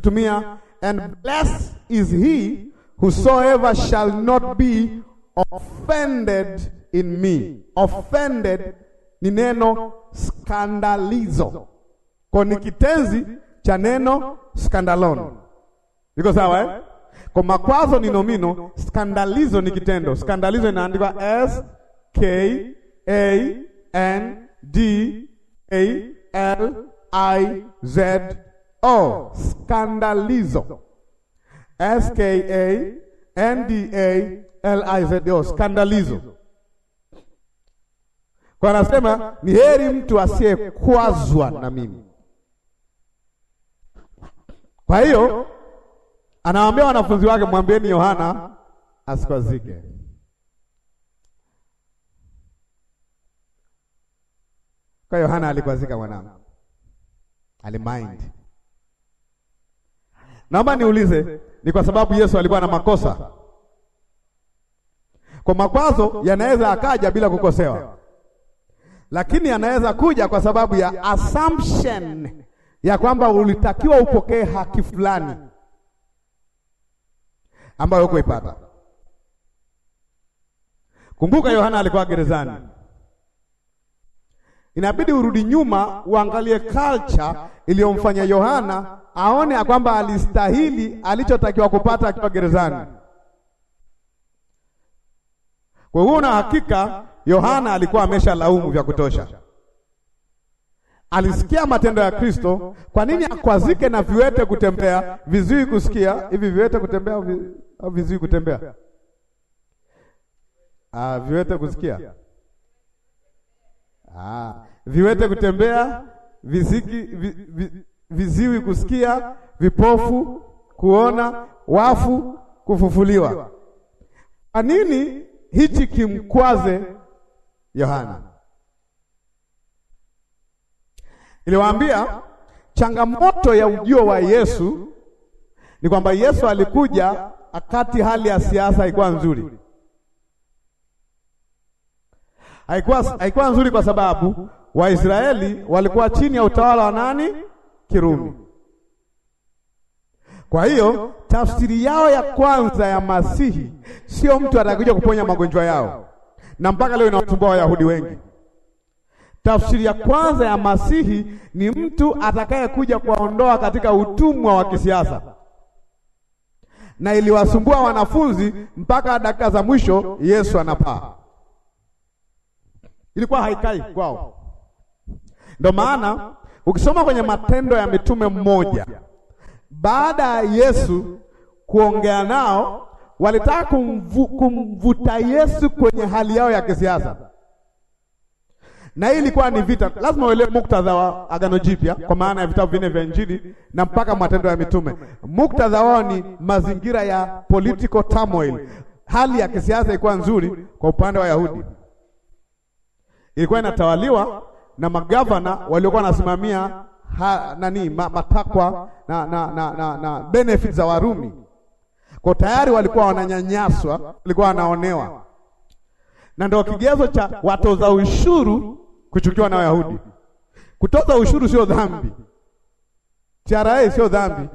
tumia and blessed is he whosoever shall not be offended in me. Offended ni neno skandalizo, kwa ni kitenzi cha neno skandalon. Iko sawa eh? Kwa makwazo ni nomino, skandalizo ni kitendo. Skandalizo inaandikwa S K A N D A L I Z O. Skandalizo. S K A N D A L I Z O. Skandalizo. Kwa anasema ni heri mtu asiyekwazwa na mimi. Kwa hiyo anawaambia wanafunzi wake, mwambieni Yohana asikwazike. Kwa Yohana alikwazika, mwanangu alimind. Naomba niulize, ni kwa sababu Yesu alikuwa na makosa? Kwa makwazo yanaweza akaja bila kukosewa, lakini anaweza kuja kwa sababu ya assumption ya kwamba ulitakiwa upokee haki fulani ambayo hukuipata. Kumbuka Yohana alikuwa gerezani. Inabidi urudi nyuma uangalie culture iliyomfanya Yohana aone kwamba alistahili alichotakiwa kupata akiwa gerezani. Kwa hiyo una hakika Yohana alikuwa amesha laumu vya kutosha alisikia matendo ya Kristo, kwa nini akwazike na viwete kutembea, vizui kusikia? Hivi viwete kutembea au vizui kutembea? Ah, viwete kusikia. Ah, viwete kutembea, viziki vi, vi, viziwi kusikia, vipofu kuona, wafu kufufuliwa. Kwa nini hichi kimkwaze Yohana? Niliwaambia changamoto ya ujio wa Yesu ni kwamba Yesu alikuja akati hali ya siasa haikuwa nzuri. Haikuwa haikuwa nzuri kwa sababu Waisraeli walikuwa chini ya utawala wa nani? Kirumi. Kwa hiyo tafsiri yao ya kwanza ya Masihi sio mtu atakuja kuponya magonjwa yao, na mpaka leo inawatumbua Wayahudi wengi. Tafsiri ya kwanza ya Masihi ni mtu atakayekuja kuwaondoa katika utumwa wa kisiasa, na iliwasumbua wanafunzi mpaka dakika za mwisho. Yesu anapaa, ilikuwa haikai kwao. Ndio maana ukisoma kwenye Matendo ya Mitume mmoja, baada ya Yesu kuongea nao, walitaka kumvu, kumvuta Yesu kwenye hali yao ya kisiasa na hii ilikuwa ni vita. Lazima uelewe muktadha wa Agano Jipya kwa maana ya vitabu vinne vya Injili na mpaka Matendo ya Mitume. Muktadha wao ni mazingira ya political turmoil. Hali ya kisiasa ilikuwa nzuri kwa upande wa Yahudi, ilikuwa inatawaliwa na magavana waliokuwa wanasimamia nani ma, matakwa na, na, na, na, na benefits za Warumi. Kwa tayari walikuwa wananyanyaswa, walikuwa wanaonewa, na ndio kigezo cha watoza ushuru kuchukiwa na Wayahudi. Kutoza ushuru sio dhambi, TRA sio dhambi,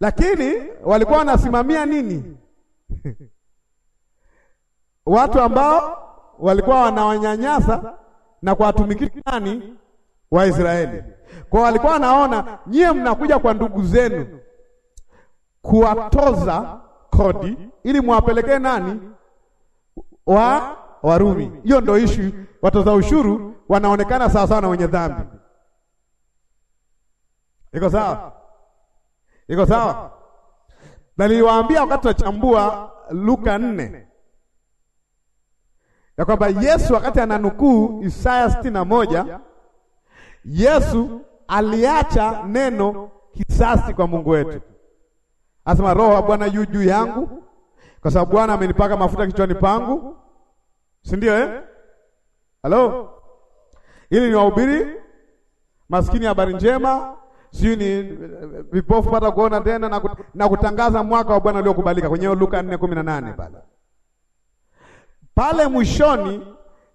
lakini walikuwa wanasimamia nini? watu ambao walikuwa wanawanyanyasa na kuwatumikisha nani? Waisraeli. Kwa walikuwa wanaona nyie mnakuja kwa ndugu zenu kuwatoza kodi ili muwapelekee nani? Wa Warumi. Hiyo ndio issue watoza ushuru wanaonekana sawa sawa na wenye dhambi. Iko sawa? Iko sawa? Naliwaambia wakati tunachambua Luka nne ya kwamba Yesu wakati ananukuu Isaya sitini na moja Yesu aliacha neno kisasi kwa Mungu wetu, asema Roho wa Bwana yu juu yangu, kwa sababu Bwana amenipaka mafuta kichwani pangu, si ndio eh? Hello? ili ni wahubiri maskini habari njema, sijui ni vipofu pata kuona tena na, kut na kutangaza mwaka wa Bwana uliokubalika kwenye Luka 4:18 pale pale mwishoni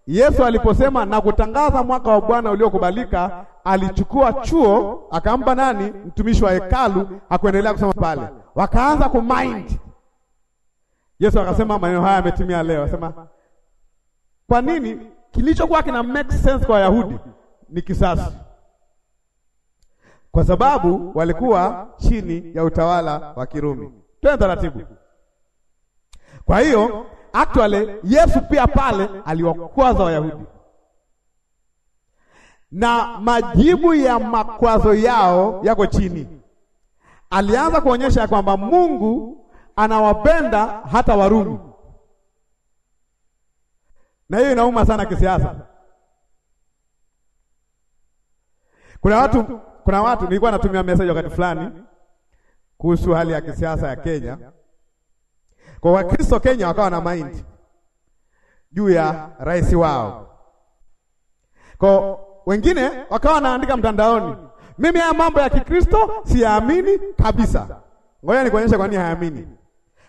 Yesu aliposema na kutangaza mwaka wa Bwana uliokubalika, alichukua chuo akampa nani? Mtumishi wa hekalu. Hakuendelea kusema pale, wakaanza kumind. Yesu akasema maneno haya yametimia leo. Asema kwa nini kilichokuwa kina make sense kwa Wayahudi ni kisasi, kwa sababu walikuwa chini ya utawala wa Kirumi. Twende taratibu. Kwa hiyo actually Yesu pia pale aliwakwaza Wayahudi na majibu ya makwazo yao yako chini. Alianza kuonyesha ya kwamba Mungu anawapenda hata Warumi na hiyo inauma sana kisiasa. Kuna watu kuna watu nilikuwa natumia message wakati fulani kuhusu hali ya kisiasa ya Kenya. Kwa Wakristo Kenya wakawa na mind juu ya rais wao. Kwa wengine wakawa naandika mtandaoni, mimi haya mambo ya Kikristo siyaamini kabisa. Ngoja nikuonyeshe kwa nini hayaamini.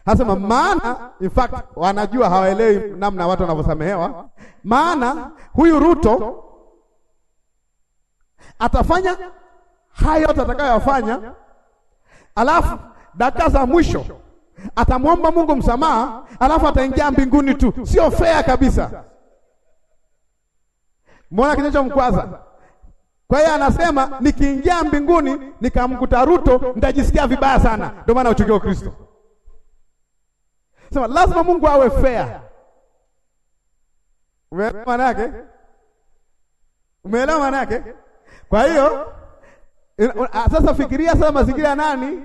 Anasema maana, in fact wanajua hawaelewi namna watu wanavyosamehewa. Maana huyu Ruto atafanya haya yote atakayofanya, alafu dakika za mwisho atamwomba Mungu msamaha, alafu ataingia mbinguni tu. Sio fair kabisa. Mbona kinachomkwaza? Kwa hiyo anasema nikiingia mbinguni nikamkuta Ruto nitajisikia vibaya sana. Ndio maana uchukio Kristo Sema lazima Mungu awe fair. Umeelewa maana yake? Umeelewa maana yake? Kwa hiyo sasa fikiria sasa mazingira nani?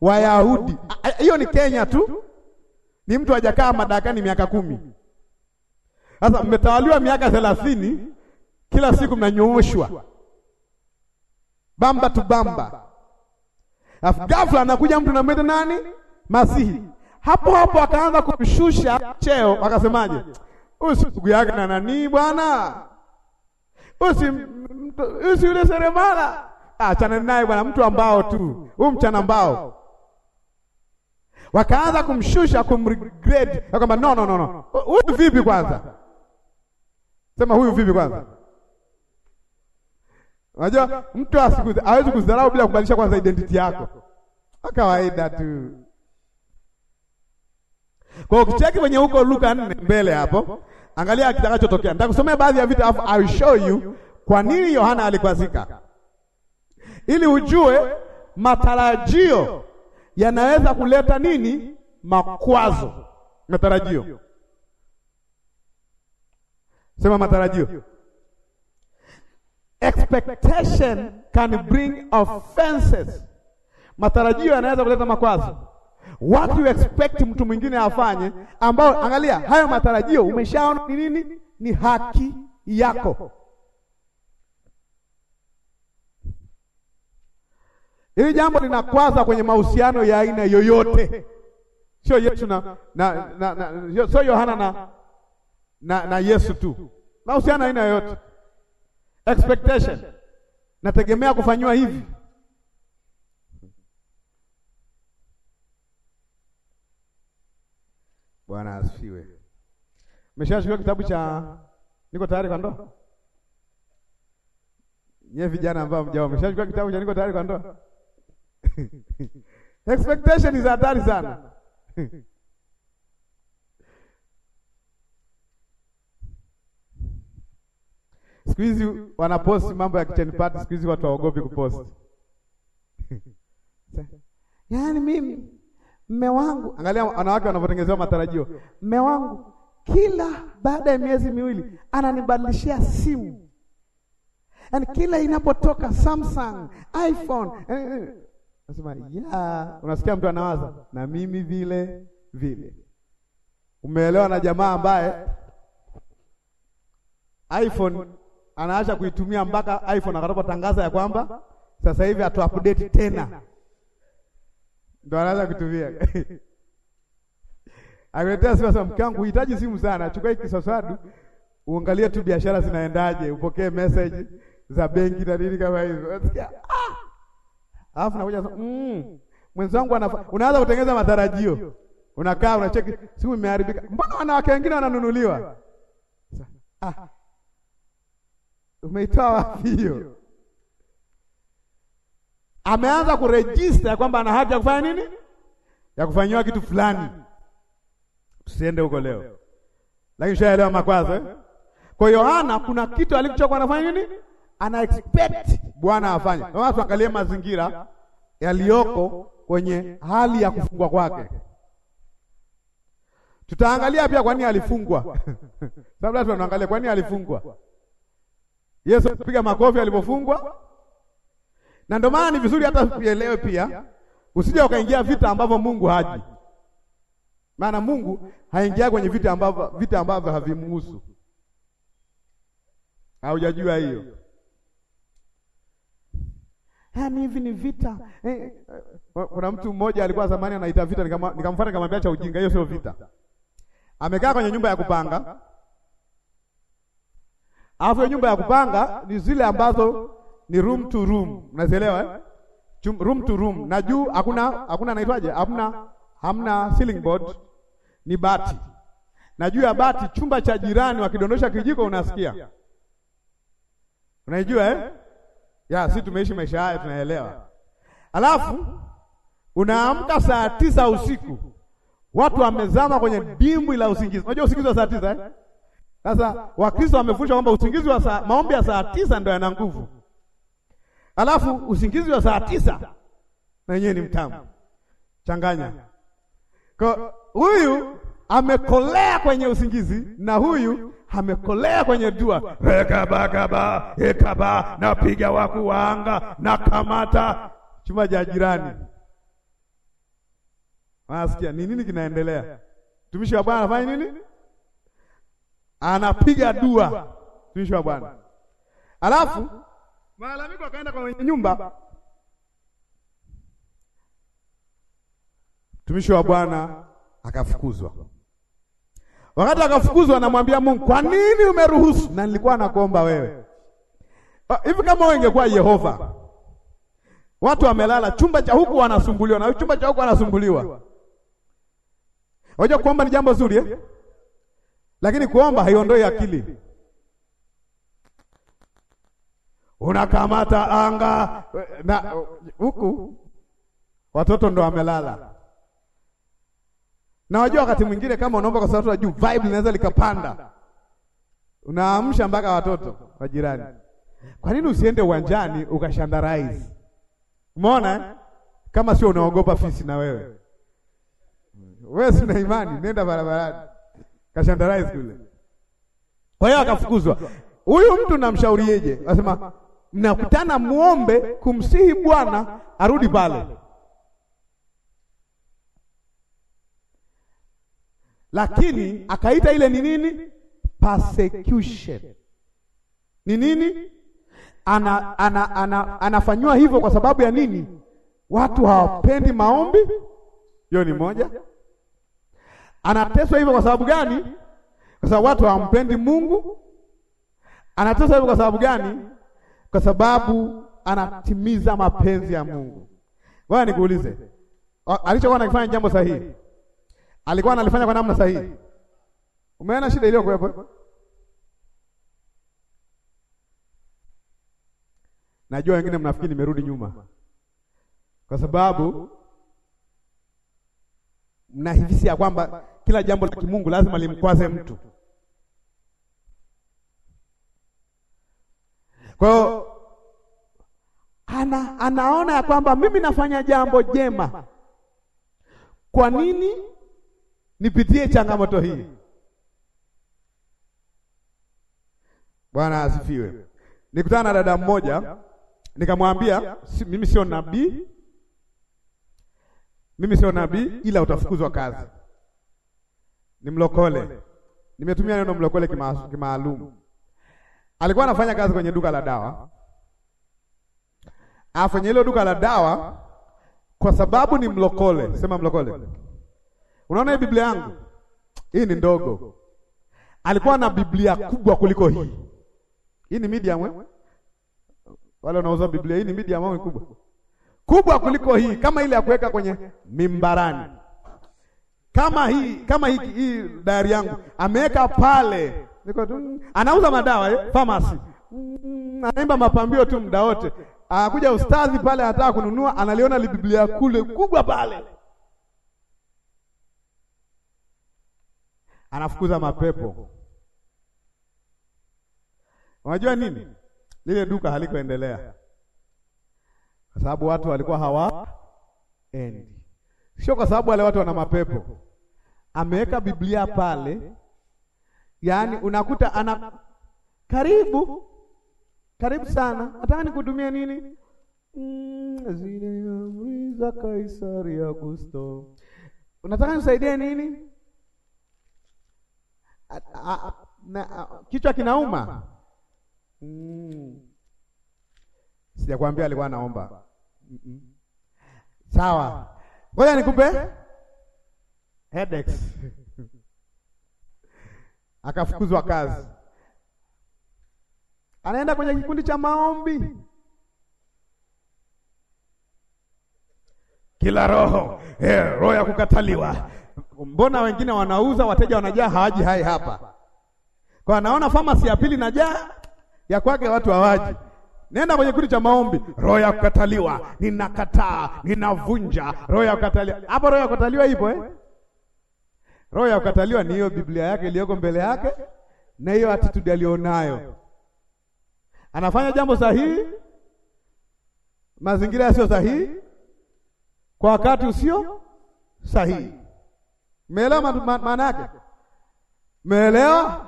Wayahudi. Hiyo ni Kenya tu. Ni mtu hajakaa madarakani miaka kumi. Sasa mmetawaliwa miaka thelathini, kila siku mnanyooshwa bamba tu bamba, afu ghafla anakuja mtu namwita nani? Masihi. Hapo hapo akaanza kumshusha cheo, wakasemaje? Huyu si ndugu yake na nani bwana? Huyu si yule seremala. Achana naye bwana, mtu ambao tu huyu mchana mbao wakaanza kumshusha kumregrade, kwamba no, no, no, no, huyu vipi kwanza? Sema huyu vipi kwanza? Unajua mtu hawezi kudharau bila kubadilisha kwanza identity yako, kawaida tu. Kwa ukicheki kwenye huko Luka 4 mbele hapo, angalia kitakachotokea. Nitakusomea baadhi ya vitu afu I will show you kwa nini Yohana alikwazika, ili ujue matarajio yanaweza kuleta nini, makwazo. Matarajio, sema matarajio. Expectation can bring offenses. Matarajio yanaweza kuleta makwazo watu expect mtu mwingine afanye, ambao angalia, hayo matarajio umeshaona ni nini? Ni haki yako. Hili jambo linakwaza kwenye mahusiano ya aina yoyote, sio Yesu na, na, na, na sio Yohana na, na, na Yesu tu, mahusiano ya aina yoyote, expectation nategemea kufanyiwa hivi Bwana asifiwe. Mmeshashika kitabu cha Niko Tayari kwa Ndoa? Nye vijana ambao mjao mmeshashika kitabu cha Niko Tayari kwa Ndoa? Expectation is hatari sana. Siku hizi wanaposti mambo ya kitchen party, siku hizi watu waogopi kuposti. Yaani mimi Mme wangu, angalia wanawake wanavyotengenezewa matarajio. Mme wangu kila baada ya miezi miwili ananibadilishia simu, yaani kila inapotoka Samsung, iPhone eh, eh, eh. nasema yeah. Unasikia mtu anawaza na mimi vile vile. Umeelewa? Na jamaa ambaye iPhone anaacha kuitumia mpaka iPhone akatoka tangaza ya kwamba sasa hivi atu update tena ndo anaanza kutumia. Akaletea simu sasa, mke wangu uhitaji simu sana, chukua hiki kiswaswadu uangalie tu biashara zinaendaje, upokee message za benki na nini kama hizo. Unasikia? Ah! Alafu nakuja mm, mwenzangu anafa, unaanza kutengeneza matarajio. Unakaa unacheki simu imeharibika. Mbona wanawake wengine wananunuliwa? Ah. Umeitoa wapi hiyo? ameanza kurejista kwamba ana haki ya kufanya nini, ya kufanyiwa kitu fulani. Tusiende huko leo, lakini shaelewa makwazo eh? Kwa Yohana kuna kitu alichokuwa anafanya nini, ana expect Bwana afanye. Sasa tuangalie mazingira yaliyoko kwenye hali ya kufungwa kwake. Tutaangalia pia kwa nini alifungwa. Labda tunaangalia kwa nini alifungwa. Yesu alipiga makofi alipofungwa na ndio maana ni vizuri hata tuelewe pia, usije ukaingia vita ambavyo Mungu haji, maana Mungu haingia kwenye vita ambavyo vita ambavyo havimhusu. Haujajua hiyo? Yaani hivi ni vita. Eh, eh, kuna mtu mmoja alikuwa zamani anaita vita, nikamfuata nikamwambia cha ujinga, hiyo sio vita. Amekaa kwenye nyumba ya kupanga, alafu nyumba ya kupanga ni zile ambazo ni room to room, unaelewa eh? room to room, na juu hakuna hakuna naitwaje, hamna hamna ceiling board, ni bati, na juu ya bati chumba cha jirani wakidondosha kijiko unasikia, unaijua eh? ya si tumeishi maisha haya, tunaelewa. Alafu unaamka saa tisa usiku, watu wamezama kwenye dimbwi la usingizi. Unajua usingizi wa saa tisa eh? Sasa Wakristo wamefunzwa kwamba usingizi wa saa, maombi ya saa tisa ndio yana nguvu. Alafu usingizi wa saa tisa na wenyewe ni mtamu, changanya. Kwa huyu amekolea kwenye usingizi na huyu amekolea kwenye dua, ekabakaba ekaba, napiga waku waanga na kamata chuma cha jirani. Nasikia ni nini kinaendelea? Mtumishi wa Bwana anafanya nini? Anapiga dua, mtumishi wa Bwana alafu Malalamiko akaenda kwa mwenye nyumba. Mtumishi wa Bwana akafukuzwa. Wakati akafukuzwa, anamwambia Mungu, kwa nini umeruhusu? Na nilikuwa nakuomba wewe ah, hivi, kama wewe ingekuwa Yehova, watu wamelala chumba cha huku wanasumbuliwa na chumba cha huku wanasumbuliwa. Wajua kuomba ni jambo zuri eh? Lakini kuomba haiondoi akili. unakamata anga na huku watoto ndo wamelala. Na wajua wakati mwingine kama unaomba kwa sababu juu vibe linaweza likapanda, unaamsha mpaka watoto wa jirani. Kwa nini usiende uwanjani ukashandarize? Umeona eh? kama sio unaogopa fisi na wewe wewe sina imani, nenda barabarani kashandarize kule. Kwa hiyo akafukuzwa. Huyu mtu namshaurieje? Anasema mnakutana muombe kumsihi Bwana arudi pale, lakini akaita ile ni nini? Persecution ni nini? Ana, ana, ana, anafanywa hivyo kwa sababu ya nini? Watu hawapendi maombi. Hiyo ni moja. Anateswa hivyo kwa sababu gani? Kwa sababu watu hawampendi Mungu. Anateswa hivyo kwa sababu gani? kwa sababu anatimiza mapenzi ya Mungu. Ngoja nikuulize, alichokuwa anakifanya jambo sahihi, alikuwa analifanya kwa namna sahihi? Umeona shida iliyokuwepo? Najua wengine mnafikiri nimerudi nyuma, kwa sababu mnahisi ya kwamba kila jambo la kimungu lazima limkwaze mtu. Kwa hiyo ana, anaona ya kwamba mimi nafanya jambo jema, kwa nini nipitie changamoto hii? Bwana asifiwe. Nikutana na dada mmoja nikamwambia, si, mimi sio nabii, mimi sio nabii, ila utafukuzwa kazi, ni mlokole. Nimetumia neno mlokole kimaalum kima alikuwa anafanya kazi kwenye duka la dawa, Afanye ah, hilo duka la dawa, kwa sababu ni mlokole, sema mlokole. Unaona hii Biblia yangu hii ni ndogo, alikuwa na Biblia kubwa kuliko hii. Hii ni medium we? Eh? Wale wanauza Biblia hii ni medium au kubwa? Kubwa kuliko hii, kama ile ya kuweka kwenye mimbarani, kama hii, kama hii, hii diary yangu ameweka pale niko tu anauza madawa eh, pharmacy anaimba mapambio tu muda wote. Anakuja ustadhi pale, anataka kununua, analiona libiblia kule kubwa pale, anafukuza mapepo. Unajua nini? Lile duka halikuendelea kwa sababu watu walikuwa hawa endi sio kwa sababu wale watu wana mapepo. Ameweka Biblia pale Yaani, yaani unakuta ana karibu karibu sana, nataka nikudumia nini mm, zile amri za Kaisari Augusto, unataka nisaidie nini? na, kichwa kinauma mm. Sijakwambia alikuwa anaomba Sawa, ngoja nikupe headaches akafukuzwa kazi, anaenda kwenye kikundi cha maombi. Kila roho eh, roho ya kukataliwa. Mbona wengine wanauza, wateja wanajaa, hawaji hai hapa kwa anaona famasi ya pili najaa ya kwake, watu hawaji. Nenda kwenye kikundi cha maombi, roho ya kukataliwa, ninakataa, ninavunja roho ya kukataliwa. Hapo roho ya kukataliwa ipo eh? Roho ya kukataliwa ni hiyo Biblia yake iliyoko mbele yake na hiyo attitude alionayo. Anafanya jambo sahihi mazingira yasiyo sahihi kwa wakati usio sahihi. meelewa maana yake? meelewa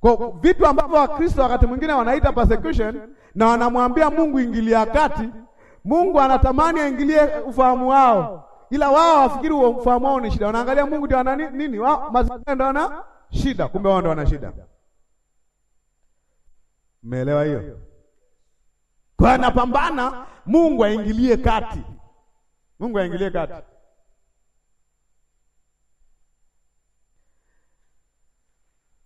Kwa vitu ambavyo Wakristo wakati mwingine wanaita persecution na wanamwambia Mungu ingilia kati, Mungu anatamani aingilie ufahamu wao ila wao wafikiri ufahamu wao ni shida. Wanaangalia Mungu ndio ana nini, wao mazingira ndio ana shida, kumbe wao ndio wana shida. Mmeelewa hiyo? Kwa anapambana Mungu aingilie kati, Mungu aingilie kati.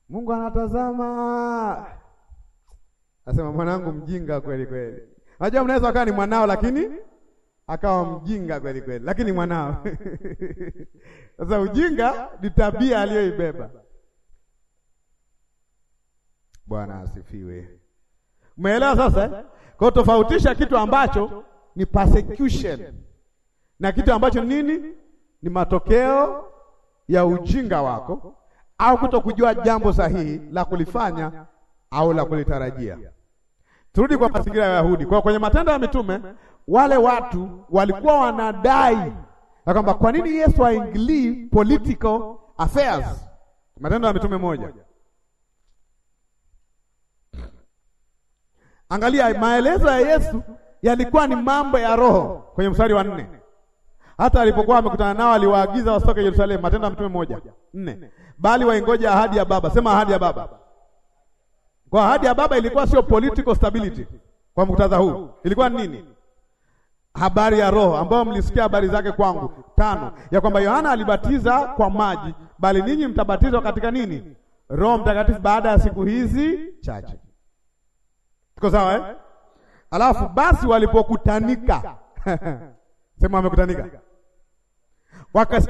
Mungu anatazama, asema mwanangu mjinga kweli kweli. Najua mnaweza wakawa ni mwanao lakini akawa oh, mjinga kweli kweli, lakini mwanawe sasa. Ujinga ni tabia aliyoibeba. Bwana asifiwe. Umeelewa sasa? Eh? Kwa tofautisha kitu ambacho ni persecution na kitu ambacho nini ni matokeo ya ujinga wako au kuto kujua jambo sahihi la kulifanya au la kulitarajia. Turudi kwa mazingira ya Wayahudi. Kwa kwenye Matendo ya Mitume wale watu walikuwa wanadai ya kwamba kwa nini Yesu aingilii political affairs. Matendo ya Mitume moja, angalia maelezo ya Yesu yalikuwa ni mambo ya roho kwenye mstari wa nne. Hata alipokuwa amekutana nao aliwaagiza wasitoke Yerusalemu. Matendo ya Mitume moja nne, bali waingoja ahadi ya Baba. Sema ahadi ya Baba. Kwa ahadi ya Baba ilikuwa sio political stability. Kwa muktadha huu ilikuwa nini? habari ya Roho ambayo mlisikia habari zake kwangu. Tano, ya kwamba Yohana alibatiza kwa maji, bali ninyi mtabatizwa katika nini? Roho Mtakatifu, baada ya siku hizi chache. Tuko sawa eh? Alafu basi walipokutanika sema wamekutanika,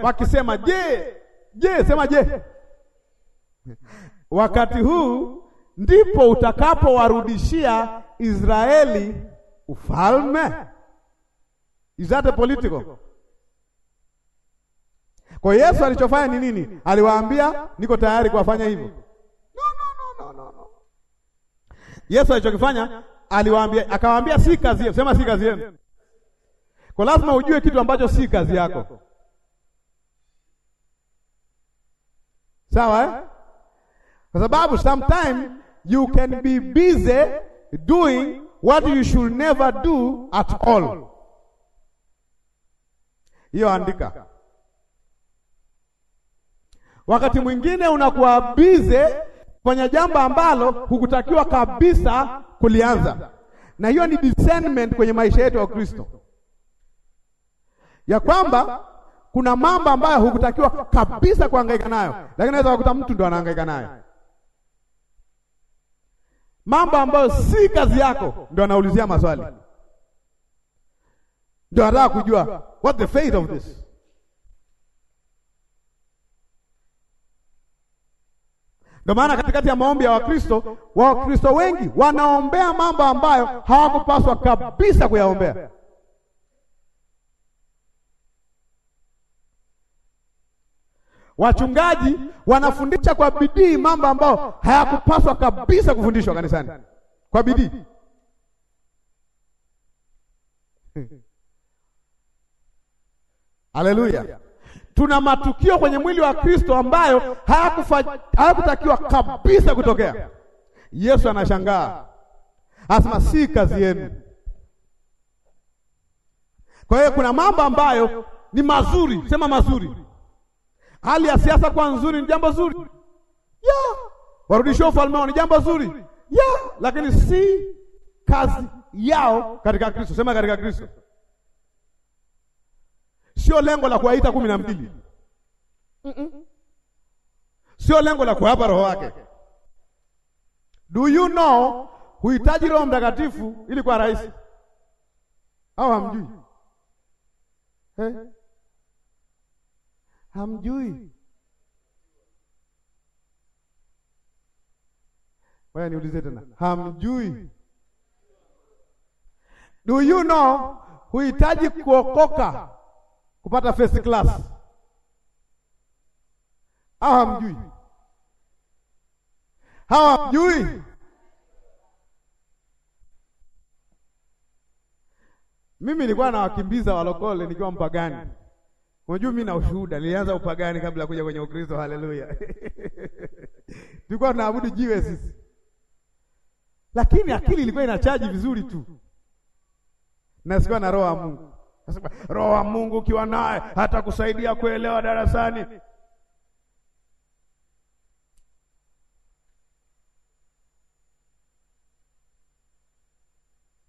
wakisema je, je, sema je, wakati huu ndipo utakapowarudishia Israeli ufalme Is that a political? Kwa Yesu alichofanya ni nini? Aliwaambia niko tayari kuwafanya hivyo. No, no, no, no, no. Yesu alichokifanya aliwaambia, akawaambia si kazi yenu, sema si kazi yenu. Kwa lazima ujue kitu ambacho si kazi yako. Sawa eh? Kwa sababu sometimes you can be busy doing what you should never do at all hiyo andika. Wakati mwingine unakuwa bize kwenye jambo ambalo hukutakiwa kabisa kulianza, na hiyo ni discernment kwenye maisha yetu ya Kristo, ya kwamba kuna mambo ambayo hukutakiwa kabisa kuhangaika nayo, lakini naweza kukuta mtu ndo anahangaika nayo, mambo ambayo si kazi yako ndo anaulizia maswali ndio anataka kujua what the fate of this. Ndio maana katikati ya maombi ya Wakristo, Wakristo wengi wanaombea mambo ambayo hawakupaswa kabisa kuyaombea. Wachungaji wanafundisha kwa bidii mambo ambayo hayakupaswa kabisa kufundishwa kanisani kwa bidii Haleluya. Tuna matukio kwenye mwili wa Kristo ambayo hayakutakiwa kabisa kutokea. Yesu anashangaa, anasema si kazi yenu. Kwa hiyo kuna mambo ambayo ni mazuri, sema mazuri. Hali ya siasa kuwa nzuri ni jambo zuri yeah. Warudishia ufalme ni jambo zuri yeah. Lakini si kazi yao katika Kristo, sema katika Kristo. Sio lengo la kuwaita kumi na mbili. mm -mm. Sio lengo la kuwapa roho wake. Do you know huhitaji Roho Mtakatifu ili kuwa rais au hamjui? Hey. Hamjui? Waya, niulize tena, hamjui? Do you know huhitaji kuokoka kupata first class au hamjui? Hawa hamjui? Mimi nilikuwa nawakimbiza walokole nikiwa mpagani. Unajua mimi na ushuhuda, nilianza upagani kabla ya kuja kwenye Ukristo. Haleluya! tulikuwa tunaabudu jiwe sisi, lakini akili ilikuwa inachaji vizuri tu, na sikuwa na roho ya Mungu. Nasema roho wa Mungu ukiwa naye kusaidia kuelewa darasani.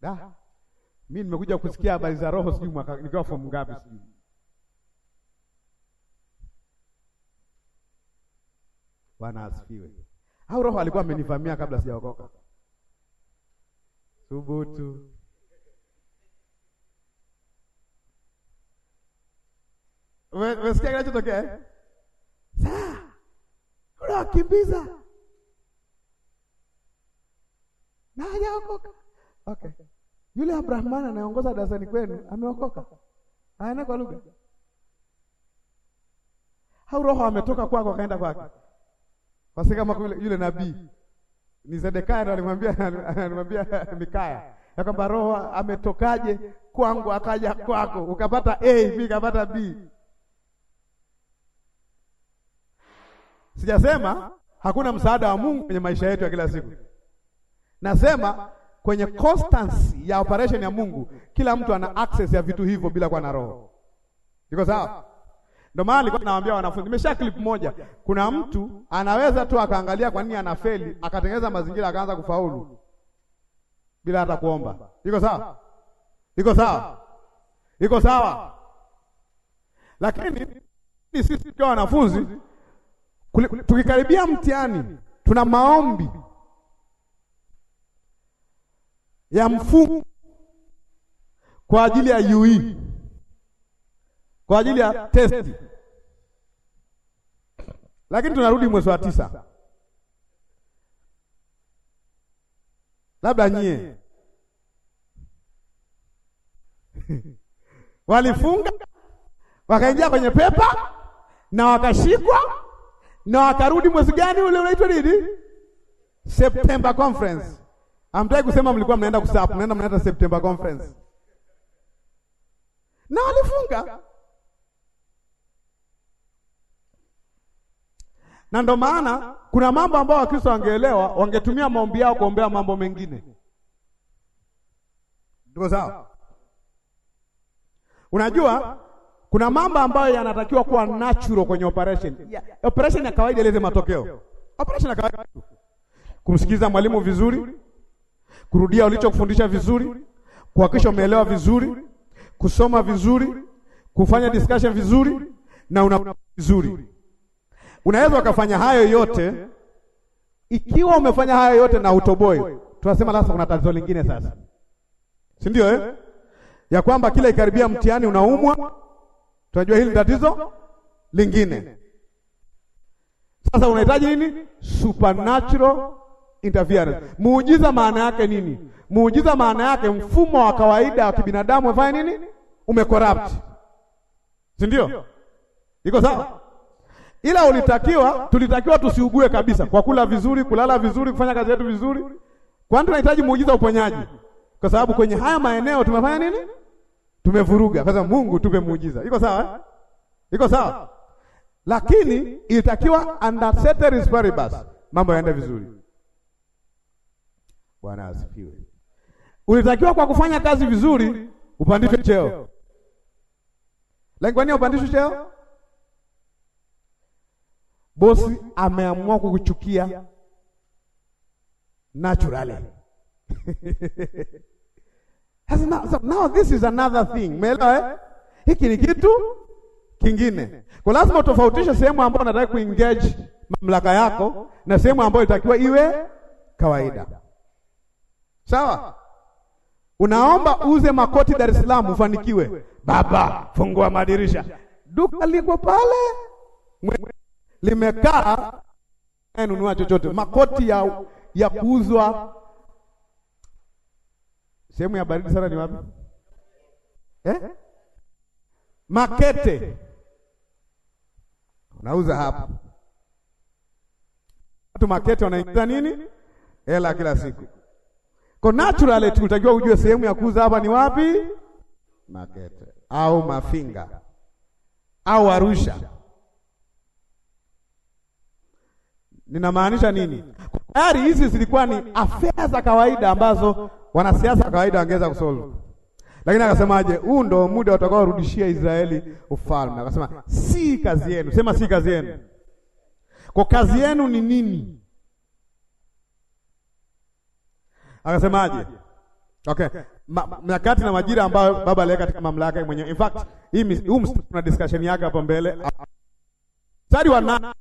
Da. Mimi nimekuja kusikia habari za roho sijui mwaka nikiwa form ngapi sijui. Bwana asifiwe. Au roho alikuwa amenivamia kabla sijaokoka. Thubutu. Umesikia kinachotokea? Eh? Saa unawakimbiza na hajaokoka. Okay, yule Abrahman anayeongoza darasani kwenu ameokoka, aena kwa lugha au roho ametoka kwako akaenda kwake? Basi kama yule nabii ni Zedekaya ndo alimwambia alimwambia Mikaya ya kwamba roho ametokaje kwangu akaja kwako, ukapata A, mimi kapata B. Sijasema hakuna msaada wa Mungu kwenye maisha yetu ya kila siku. Nasema kwenye constancy ya operation ya Mungu, kila mtu ana access ya vitu hivyo bila kuwa na roho. Iko sawa? Ndio maana alikuwa nawaambia wanafunzi, nimesha clip moja. Kuna mtu anaweza tu akaangalia kwa nini anafeli, akatengeneza mazingira akaanza kufaulu bila hata kuomba. Iko sawa? Iko sawa? Iko sawa? Lakini sisi tukiwa wanafunzi tukikaribia mtihani, tuna maombi ya mfumo kwa ajili ya UE, kwa ajili ya testi, lakini tunarudi mwezi wa tisa. Labda nyie walifunga wakaingia kwenye pepa na wakashikwa na wakarudi mwezi gani ule unaitwa nini? September conference. Amtaki kusema mlikuwa mnaenda kusapu, mnaenda mnaenda September conference. Na walifunga. Na ndo maana kuna mambo ambayo Wakristo wangeelewa, wangetumia maombi yao kuombea mambo mengine. Ndio sawa? Unajua kuna mambo ambayo yanatakiwa kuwa natural kwenye operation. Yeah. Operation ya kawaida ilete matokeo. Operation ya kawaida. Kumsikiliza mwalimu vizuri, kurudia ulichokufundisha vizuri, kuhakikisha umeelewa vizuri, kusoma vizuri, kufanya discussion vizuri na una vizuri. Unaweza ukafanya hayo yote ikiwa umefanya hayo yote na utoboi, Tunasema sasa kuna tatizo lingine sasa. Si ndio eh? Ya kwamba kila ikaribia mtihani unaumwa Tunajua hili tatizo lingine. Sasa unahitaji nini? Supernatural interference. Muujiza maana yake nini? Muujiza maana yake mfumo wa kawaida wa kibinadamu wafanya nini? Umecorrupt, si ndio? Iko sawa? Ila ulitakiwa, tulitakiwa tusiugue kabisa, kwa kula vizuri, kulala vizuri, kufanya kazi yetu vizuri. Kwani tunahitaji muujiza uponyaji, kwa sababu kwenye haya maeneo tumefanya nini? tumevuruga. Sasa Mungu tupe muujiza, iko sawa, eh? iko sawa, lakini ilitakiwa under ceteris paribus mambo yaende vizuri. Bwana asifiwe. Ulitakiwa kwa kufanya kazi vizuri upandishwe cheo. Lengo ni upandishwe cheo. Bosi ameamua kukuchukia naturally Now, so now this is another thing. Umeelewa eh? Hiki ni kitu kingine. Kwa lazima utofautishe sehemu ambayo unataka kuengage mamlaka yako na sehemu ambayo itakiwa iwe kawaida. Sawa? Unaomba uze makoti Dar es Salaam ufanikiwe. Baba, fungua madirisha. Duka liko pale limekaa, nunua chochote, makoti ya, ya kuuzwa Sehemu ya baridi sana ni wapi? Eh? Makete. Unauza hapa Watu Makete wanaingiza nini? Hela kila siku. Kwa naturally tunatakiwa ujue sehemu ya kuuza hapa ni wapi? Makete au Mafinga au Arusha. Ninamaanisha nini? Tayari hizi zilikuwa ni afea za kawaida ambazo wanasiasa wa kawaida wangeweza kusolve, lakini akasemaje? Huu ndo muda utakaorudishia Israeli ufalme. Akasema si kazi yenu, sema si kazi yenu. Kwa kazi yenu ni nini? Akasemaje? Okay, nyakati na majira ambayo Baba aliweka katika mamlaka mwenyewe. In fact hii huu mstari discussion yake hapo mbele, mstari wa nane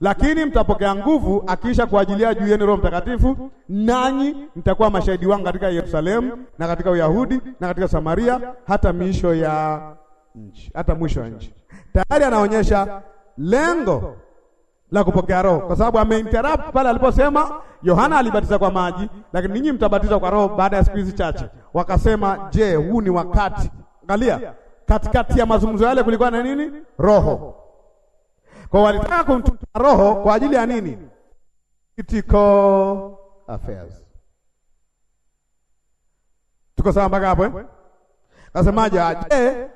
lakini mtapokea nguvu akiisha kuajilia juu yenu Roho Mtakatifu, nanyi mtakuwa mashahidi wangu katika Yerusalemu na katika Uyahudi na katika Samaria hata miisho ya nchi, hata mwisho wa nchi. Tayari anaonyesha lengo la kupokea Roho, kwa sababu ameinterrupt pale aliposema Yohana alibatiza kwa maji, lakini ninyi mtabatizwa kwa Roho baada ya siku hizi chache. Wakasema, je, huu ni wakati? Angalia, katikati ya mazungumzo yale kulikuwa na nini? Roho kwa walitaka kumtuma roho kwa ajili ya nini? Critical affairs. Tuko sawa mpaka hapo eh? Nasemaje? Eh,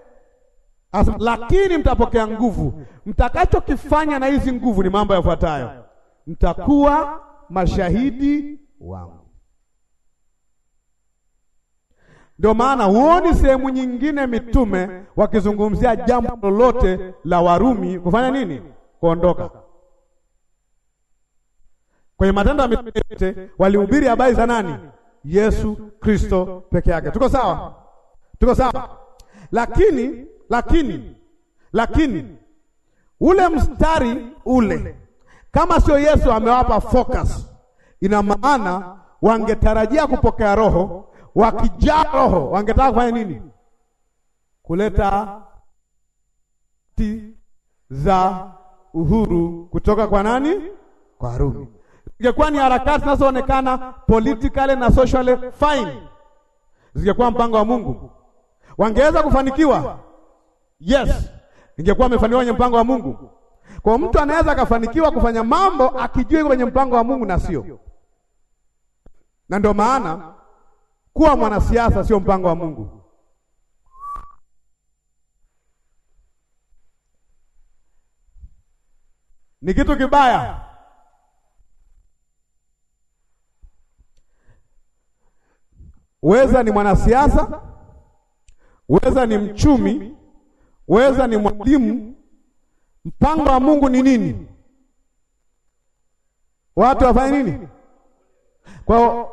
lakini mtapokea nguvu. Mtakachokifanya na hizi nguvu ni mambo yafuatayo: mtakuwa mashahidi wangu. Ndio maana huoni sehemu nyingine mitume wakizungumzia jambo lolote la Warumi kufanya nini? kuondoka kwenye Matendo ya Mitume yote walihubiri habari za nani? Yesu Kristo peke yake. Tuko sawa? Tuko sawa? Lakini, lakini, lakini ule mstari ule, kama sio Yesu amewapa focus, ina maana wangetarajia kupokea Roho, wakijaa Roho wangetaka kufanya nini? Kuleta ti za uhuru kutoka kwa nani? Kwa Rumi. Zingekuwa ni harakati zinazoonekana politically na socially fine, zingekuwa mpango wa Mungu, wangeweza kufanikiwa. Yes, ingekuwa amefanikiwa kwenye mpango wa Mungu. Kwa mtu anaweza akafanikiwa kufanya mambo akijua kwenye mpango wa Mungu na sio na, ndio maana kuwa mwanasiasa sio mpango wa Mungu. ni kitu kibaya. Weza ni mwanasiasa, weza ni mchumi, weza ni mwalimu. Mpango wa Mungu ni nini? Watu wafanye nini? Kwa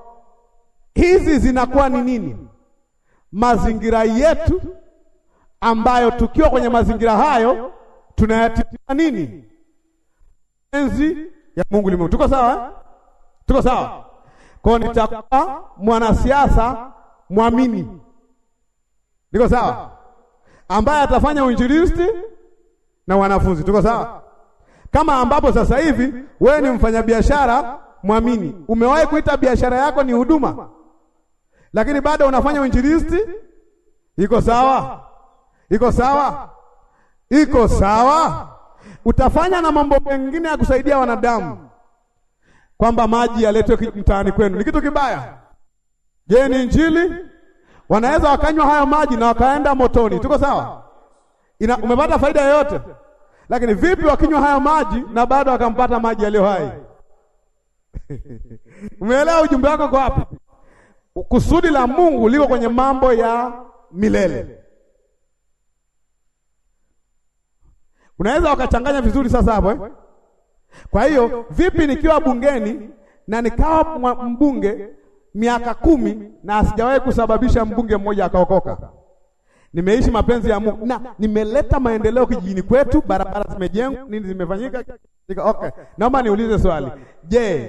hizi zinakuwa ni nini? Mazingira yetu ambayo tukiwa kwenye mazingira hayo tunayatimia nini? enzi ya Mungu limu. Tuko sawa? Eh? Tuko sawa? Kwa nitakuwa mwanasiasa mwamini, niko sawa, ambaye atafanya uinjilisti na wanafunzi. Tuko sawa? Kama ambapo sasa hivi wewe ni mfanyabiashara mwamini, umewahi kuita biashara yako ni huduma, lakini bado unafanya uinjilisti. Iko sawa? Iko sawa? Iko sawa? utafanya na mambo mengine ya kusaidia wanadamu, kwamba maji yaletwe mtaani kwenu. Ni kitu kibaya? Je, ni Injili? Wanaweza wakanywa hayo maji na wakaenda motoni. Tuko sawa? Ina, umepata faida yoyote? Lakini vipi wakinywa hayo maji na bado wakampata maji yaliyo hai? Umeelewa ujumbe wako kwa hapo? Kusudi la Mungu liko kwenye mambo ya milele. Unaweza ukachanganya vizuri sasa hapo eh? Kwa hiyo vipi nikiwa bungeni na nikawa mbunge miaka kumi na sijawahi kusababisha mbunge mmoja akaokoka? Nimeishi mapenzi ya Mungu na nimeleta maendeleo kijijini kwetu, barabara zimejengwa, nini zimefanyika. Okay, naomba niulize swali. Je,